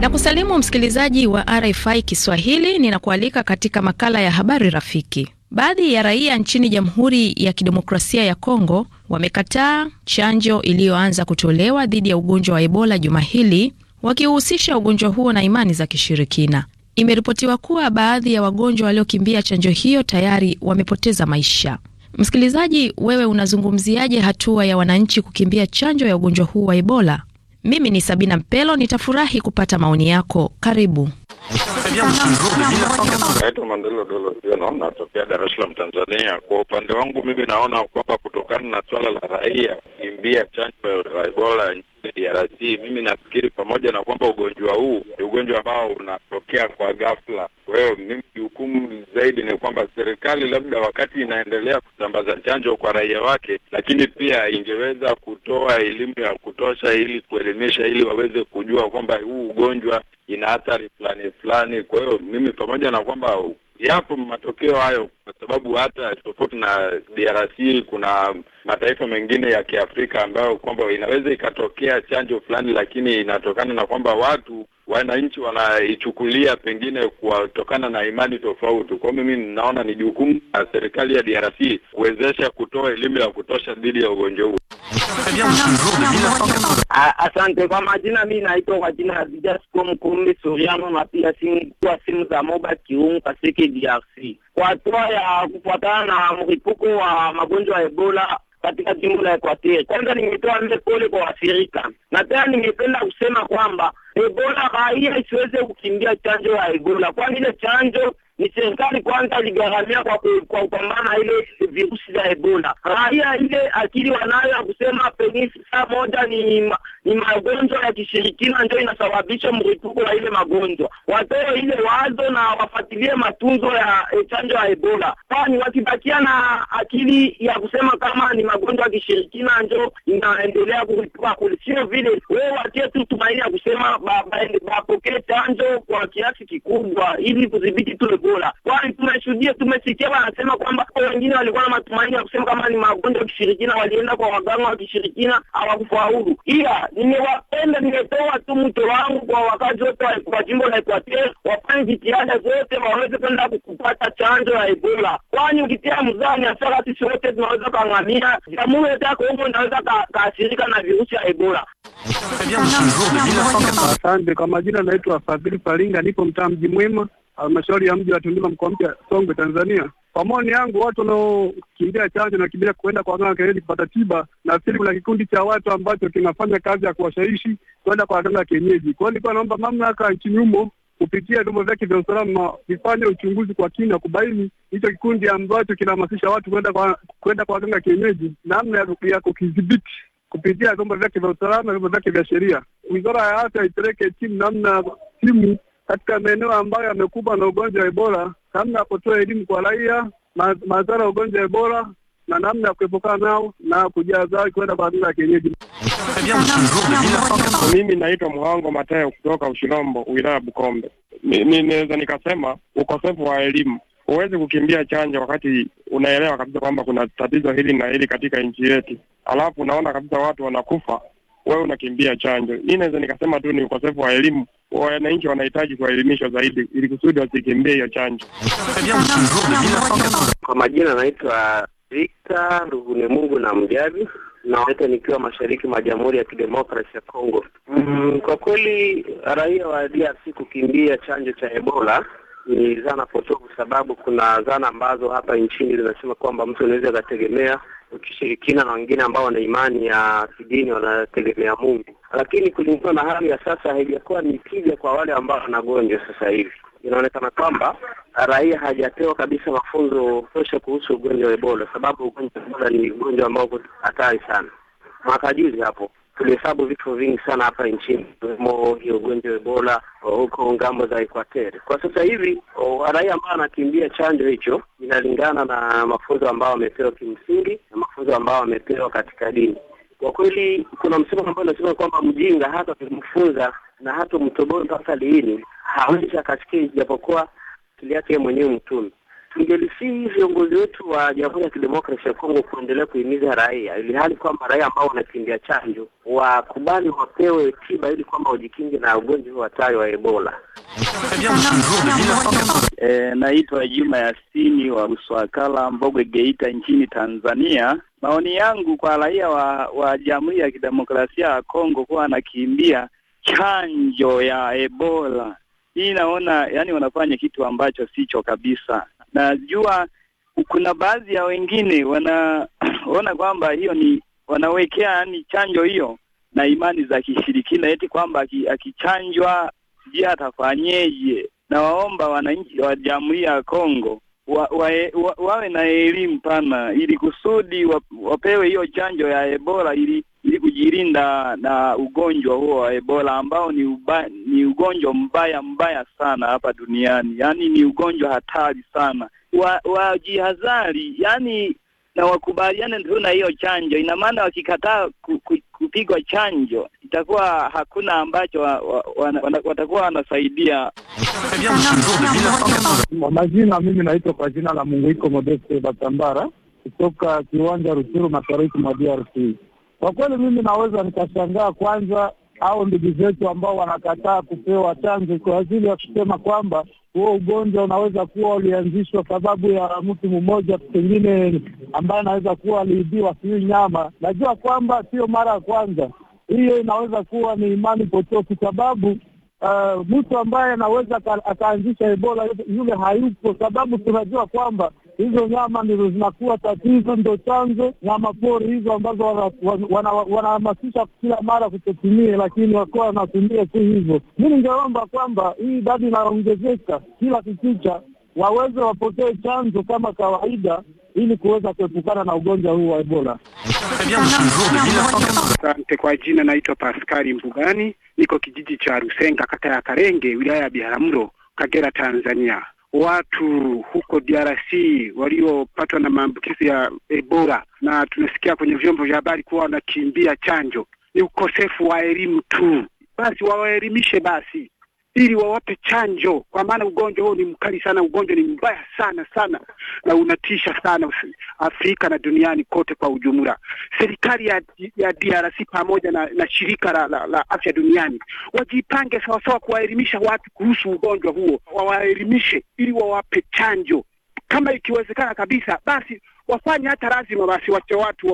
na kusalimu msikilizaji wa RFI Kiswahili. Ninakualika katika makala ya Habari Rafiki. Baadhi ya raia nchini Jamhuri ya Kidemokrasia ya Kongo wamekataa chanjo iliyoanza kutolewa dhidi ya ugonjwa wa Ebola juma hili wakiuhusisha ugonjwa huo na imani za kishirikina. Imeripotiwa kuwa baadhi ya wagonjwa waliokimbia chanjo hiyo tayari wamepoteza maisha. Msikilizaji, wewe unazungumziaje hatua ya wananchi kukimbia chanjo ya ugonjwa huu wa Ebola? Mimi ni Sabina Mpelo, nitafurahi kupata maoni yako. Karibu. Naitwa Mandelo Dolo Jono, natokea Dar es Salaam, Tanzania. Kwa upande wangu mimi naona kwamba kutokana na swala la raia kukimbia chanjo ya Ebola DRC, mimi nafikiri pamoja na kwamba ugonjwa huu ni ugonjwa ambao unatokea kwa ghafla. Kwa hiyo mimi hukumu zaidi ni kwamba serikali labda wakati inaendelea kusambaza chanjo kwa raia wake, lakini pia ingeweza kutoa elimu ya kutosha ili kuelimisha, ili waweze kujua kwamba huu ugonjwa ina athari fulani fulani. Kwa hiyo mimi pamoja na kwamba yapo matokeo hayo kwa sababu hata tofauti na DRC kuna mataifa mengine ya Kiafrika ambayo kwamba inaweza ikatokea chanjo fulani, lakini inatokana na kwamba watu wananchi wanaichukulia pengine kutokana na imani tofauti. Kwa mimi ninaona ni jukumu la serikali ya DRC kuwezesha kutoa elimu ya kutosha dhidi ya ugonjwa huu. Asante kwa majina, mi naitwa kwa jina la Bijasco Mkumbi Suriano na pia simu kwa simu za Moba Kiungu Kaseke DRC kwa toa ya kufuatana na mlipuko wa magonjwa ya Ebola katika jimbo la Equateur. Kwanza nimetoa ile pole kwa wasirika, na tena nimependa kusema kwamba Ebola raia isiweze kukimbia chanjo ya Ebola, kwani ile chanjo ni serikali kwanza iligharamia kwa kwa kupambana ile virusi za Ebola. Raia ile akili wanayo ya kusema penisi saa moja ni ni magonjwa ya kishirikina ndio inasababisha mripuko wa ile magonjwa. Watoe ile wazo na wafuatilie matunzo ya e, chanjo ya Ebola, kwani wakibakia na akili ya kusema kama ni magonjwa ya kishirikina ndio inaendelea kuripuka kule, sio vile. Wewe watie tu tumaini ya kusema ba, ba, chanjo kwa kiasi kikubwa ili kudhibiti tu Ebola, kwani tumeshuhudia, tumesikia wanasema kwamba wengine walikuwa na matumaini ya kusema kama ni magonjwa ya kishirikina, walienda kwa waganga wa kishirikina hawakufaulu, ila nimewapenda, nimetoa tu mto wangu kwa wakazi wote wa jimbo la Equateur, wafanye jitihada zote waweze kwenda kupata chanjo ya Ebola, kwani ukitia mzani hasara sisi wote tunaweza kang'amia. Jamhuri yetu ya Kongo inaweza kaashirika na virusi ya Ebola. Asante kwa majina, naitwa Fadhili Faringa, nipo mtaa mji mwema, halmashauri ya mji wa Tunduma, mkoa mpya Songwe, Tanzania. Kwa maoni yangu, watu wanaokimbia chanjo na kimbia kuenda kwa waganga kienyeji kupata tiba, nafikiri kuna kikundi cha watu ambacho kinafanya kazi ya kuwashawishi kuenda kwa waganga kienyeji. Kwa hiyo nilikuwa naomba mamlaka nchini humo kupitia vyombo vyake vya usalama vifanye uchunguzi kwa kina kubaini hicho kikundi ambacho kinahamasisha watu kwenda kwa kwenda kwa waganga kienyeji, namna ya kukidhibiti kupitia vyombo vyake vya usalama, vyombo vyake vya sheria. Wizara ya Afya ipeleke timu namna timu katika maeneo ambayo yamekumbwa na ugonjwa wa Ebola, namna ya kutoa elimu kwa raia, madhara ya ugonjwa wa Ebola na namna ya kuepukana nao na kujaza kwenda kwa mila ya kienyeji. Mimi naitwa Mhango Mateo kutoka Ushirombo, wilaya ya Bukombe. Ninaweza nikasema ukosefu wa elimu huwezi kukimbia chanjo wakati unaelewa kabisa kwamba kuna tatizo hili na hili katika nchi yetu, alafu unaona kabisa watu wanakufa wewe unakimbia chanjo. hii naweza nikasema tu ni ukosefu wa elimu, wananchi wanahitaji kuwaelimishwa zaidi ili kusudi wasikimbie hiyo chanjo. Kwa majina anaitwa Victor Ndugune Mungu na Mjavi nawaita nikiwa mashariki mwa Jamhuri ya Kidemokrasi ya congo Mm, kwa kweli raia wa DRC kukimbia chanjo cha Ebola ni zana potofu, sababu kuna zana ambazo hapa nchini zinasema kwamba mtu anaweza akategemea ukishirikiana na wengine ambao wana imani ya kidini, wanategemea Mungu, lakini kulingana na hali ya sasa haijakuwa ni tija kwa wale ambao wanagonjwa sasa hivi. Inaonekana kwamba raia hajapewa kabisa mafunzo tosha kuhusu ugonjwa wa Ebola, sababu ugonjwa wa Ebola ni ugonjwa ambao hatari sana. Mwaka juzi hapo tulihesabu vifo vingi sana hapa nchini, ikiwemo hiyo ugonjwa wa Ebola huko ngambo za Equateur. Kwa sasa hivi raia ambao anakimbia chanjo hicho inalingana na mafunzo ambao wamepewa kimsingi na mafunzo ambao wamepewa katika dini. Kwa kweli kuna msemo ambao unasema kwamba mjinga hata ukimfunza na hata mtoboe mpaka liini hawezi akasikia, ijapokuwa akili yake mwenyewe mtumi tungelisii viongozi wetu wa Jamhuri ya Kidemokrasia ya Kongo kuendelea kuhimiza raia, ili hali kwamba raia ambao wanakimbia chanjo wakubali wapewe tiba, ili kwamba wajikinge na ugonjwa wa hatari wa Ebola. E, naitwa Juma Yasini wa Uswakala, Mbogwe, Geita, nchini Tanzania. Maoni yangu kwa raia wa, wa Jamhuri ya Kidemokrasia ya Kongo kuwa anakimbia chanjo ya Ebola hii naona, yani wanafanya kitu ambacho sicho kabisa najua kuna baadhi ya wengine wanaona kwamba hiyo ni wanawekea yani chanjo hiyo na imani za kishirikina, eti kwamba akichanjwa je atafanyeje. Na waomba wananchi wa Jamhuri ya Kongo wa, wa, wa, wawe na elimu pana ili kusudi wapewe hiyo chanjo ya Ebola ili ili kujilinda na ugonjwa huo wa Ebola ambao ni, uba, ni ugonjwa mbaya mbaya sana hapa duniani, yaani ni ugonjwa hatari sana. Wajihadhari wa yaani na wakubaliane tu na hiyo chanjo. Ina maana wakikataa ku, ku, kupigwa chanjo itakuwa hakuna ambacho wa, wa, wa, watakuwa wanasaidia. Kwa majina, mimi naitwa kwa jina la iko Modeste Batambara kutoka kiwanja rusuru mashariki mwa DRC. Kwa kweli mimi naweza nikashangaa kwanza au ndugu zetu ambao wanakataa kupewa chanjo kwa ajili ya kusema kwamba huo ugonjwa unaweza kuwa ulianzishwa sababu ya mtu mmoja pengine ambaye anaweza kuwa aliibiwa sijui nyama. Najua kwamba sio mara ya kwanza, hiyo inaweza kuwa ni imani potofu, sababu uh, mtu ambaye anaweza akaanzisha Ebola yule hayupo, sababu tunajua kwamba hizo nyama ndizo zinakuwa tatizo, ndo chanzo nyama pori hizo ambazo wanahamasisha wana, wana, kila mara kutotumia lakini wakuwa wanatumia tu hivyo. Mi ningeomba kwamba hii idadi inayoongezeka kila kikicha waweze wapokee chanzo kama kawaida ili kuweza kuepukana na ugonjwa huu wa Ebola. Asante. Kwa jina naitwa Paskari Mbugani, niko kijiji cha Rusenga, kata ya Karenge, wilaya ya Biharamulo, Kagera, Tanzania watu huko DRC waliopatwa na maambukizi ya Ebola, na tunasikia kwenye vyombo vya habari kuwa wanakimbia chanjo. Ni ukosefu wa elimu tu, basi wawaelimishe basi ili wawape chanjo, kwa maana ugonjwa huo ni mkali sana, ugonjwa ni mbaya sana sana, na unatisha sana Afrika na duniani kote kwa ujumla. Serikali ya, ya DRC pamoja na, na shirika la, la, la afya duniani wajipange sawasawa kuwaelimisha watu kuhusu ugonjwa huo, wawaelimishe ili wawape chanjo, kama ikiwezekana kabisa basi wafanye hata lazima basi wache watu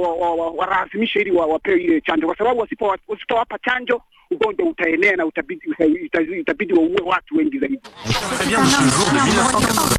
walazimishe wa, wa, wa, ili wapewe ile chanjo, kwa sababu wasipowapa chanjo ugonjwa utaenea na utabidi, utabidi waue watu wengi zaidi.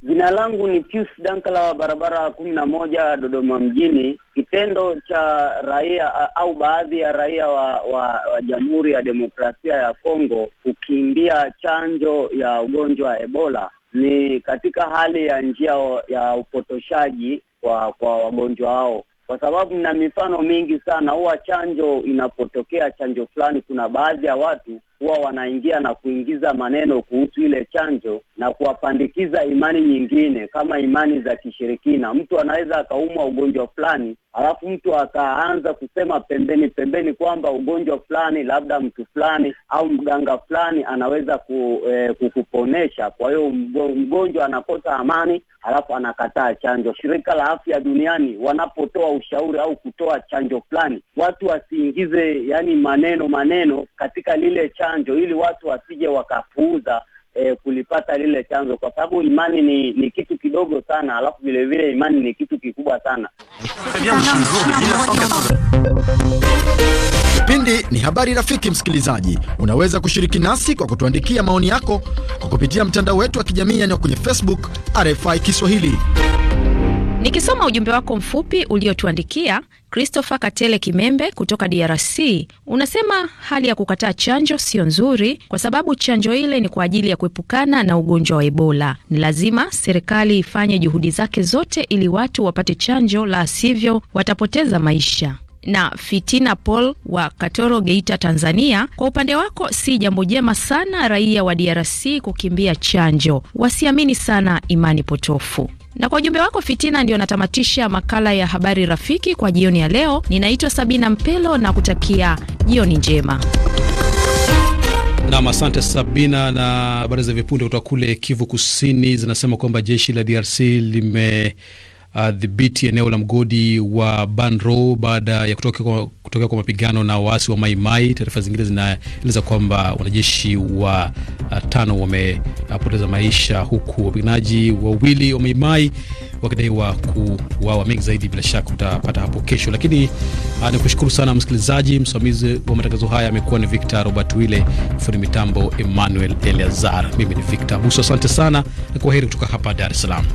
Jina langu ni Pius Dankala wa barabara kumi na moja Dodoma mjini. Kitendo cha raia au baadhi ya raia wa, wa, wa Jamhuri ya Demokrasia ya Kongo kukimbia chanjo ya ugonjwa wa Ebola ni katika hali ya njia ya upotoshaji kwa kwa wagonjwa hao kwa sababu na mifano mingi sana. Huwa chanjo inapotokea chanjo fulani, kuna baadhi ya watu huwa wanaingia na kuingiza maneno kuhusu ile chanjo na kuwapandikiza imani nyingine kama imani za kishirikina. Mtu anaweza akaumwa ugonjwa fulani, alafu mtu akaanza kusema pembeni pembeni kwamba ugonjwa fulani labda mtu fulani au mganga fulani anaweza ku, eh, kukuponesha. Kwa hiyo mgonjwa anakosa amani, alafu anakataa chanjo. Shirika la Afya Duniani wanapotoa ushauri au kutoa chanjo fulani, watu wasiingize yani maneno maneno katika lile chanjo chanjo ili watu wasije wakapuuza eh, kulipata lile chanzo, kwa sababu imani ni, ni kitu kidogo sana, alafu vile vile imani ni kitu kikubwa sana. Kipindi ni habari. Rafiki msikilizaji, unaweza kushiriki nasi kwa kutuandikia maoni yako kwa kupitia mtandao wetu wa kijamii, yaani kwenye Facebook RFI Kiswahili. Nikisoma ujumbe wako mfupi uliotuandikia Christopher Katele Kimembe kutoka DRC unasema hali ya kukataa chanjo siyo nzuri, kwa sababu chanjo ile ni kwa ajili ya kuepukana na ugonjwa wa Ebola. Ni lazima serikali ifanye juhudi zake zote ili watu wapate chanjo, la sivyo watapoteza maisha na Fitina Paul wa Katoro, Geita, Tanzania, kwa upande wako, si jambo jema sana raia wa DRC kukimbia chanjo, wasiamini sana imani potofu. Na kwa ujumbe wako fitina, ndio natamatisha makala ya habari rafiki kwa jioni ya leo. Ninaitwa Sabina Mpelo na kutakia jioni njema. Nam, asante Sabina. Na habari za vipunde kutoka kule Kivu Kusini zinasema kwamba jeshi la DRC lime Uh, dhibiti uh, eneo la mgodi wa Banro baada ya kutokea kwa, mapigano na waasi wa Maimai. Taarifa zingine zinaeleza kwamba wanajeshi wa uh, tano wamepoteza uh, maisha huku wapiganaji wawili wa Maimai wakidaiwa kuwawa. Mengi zaidi bila shaka utapata hapo kesho, lakini uh, ni kushukuru sana msikilizaji. Msimamizi wa matangazo haya amekuwa ni Victor Robert Wile, fundi mitambo Emmanuel Eleazar, mimi ni Victor Buso. Asante sana na heri kutoka hapa Dar es Salaam.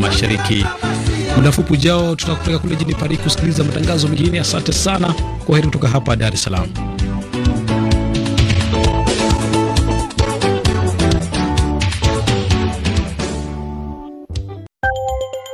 Mashariki. Muda mfupi ujao tutakupeleka kule jini Paris kusikiliza matangazo mengine. Asante sana, kwa heri kutoka hapa Dar es Salaam.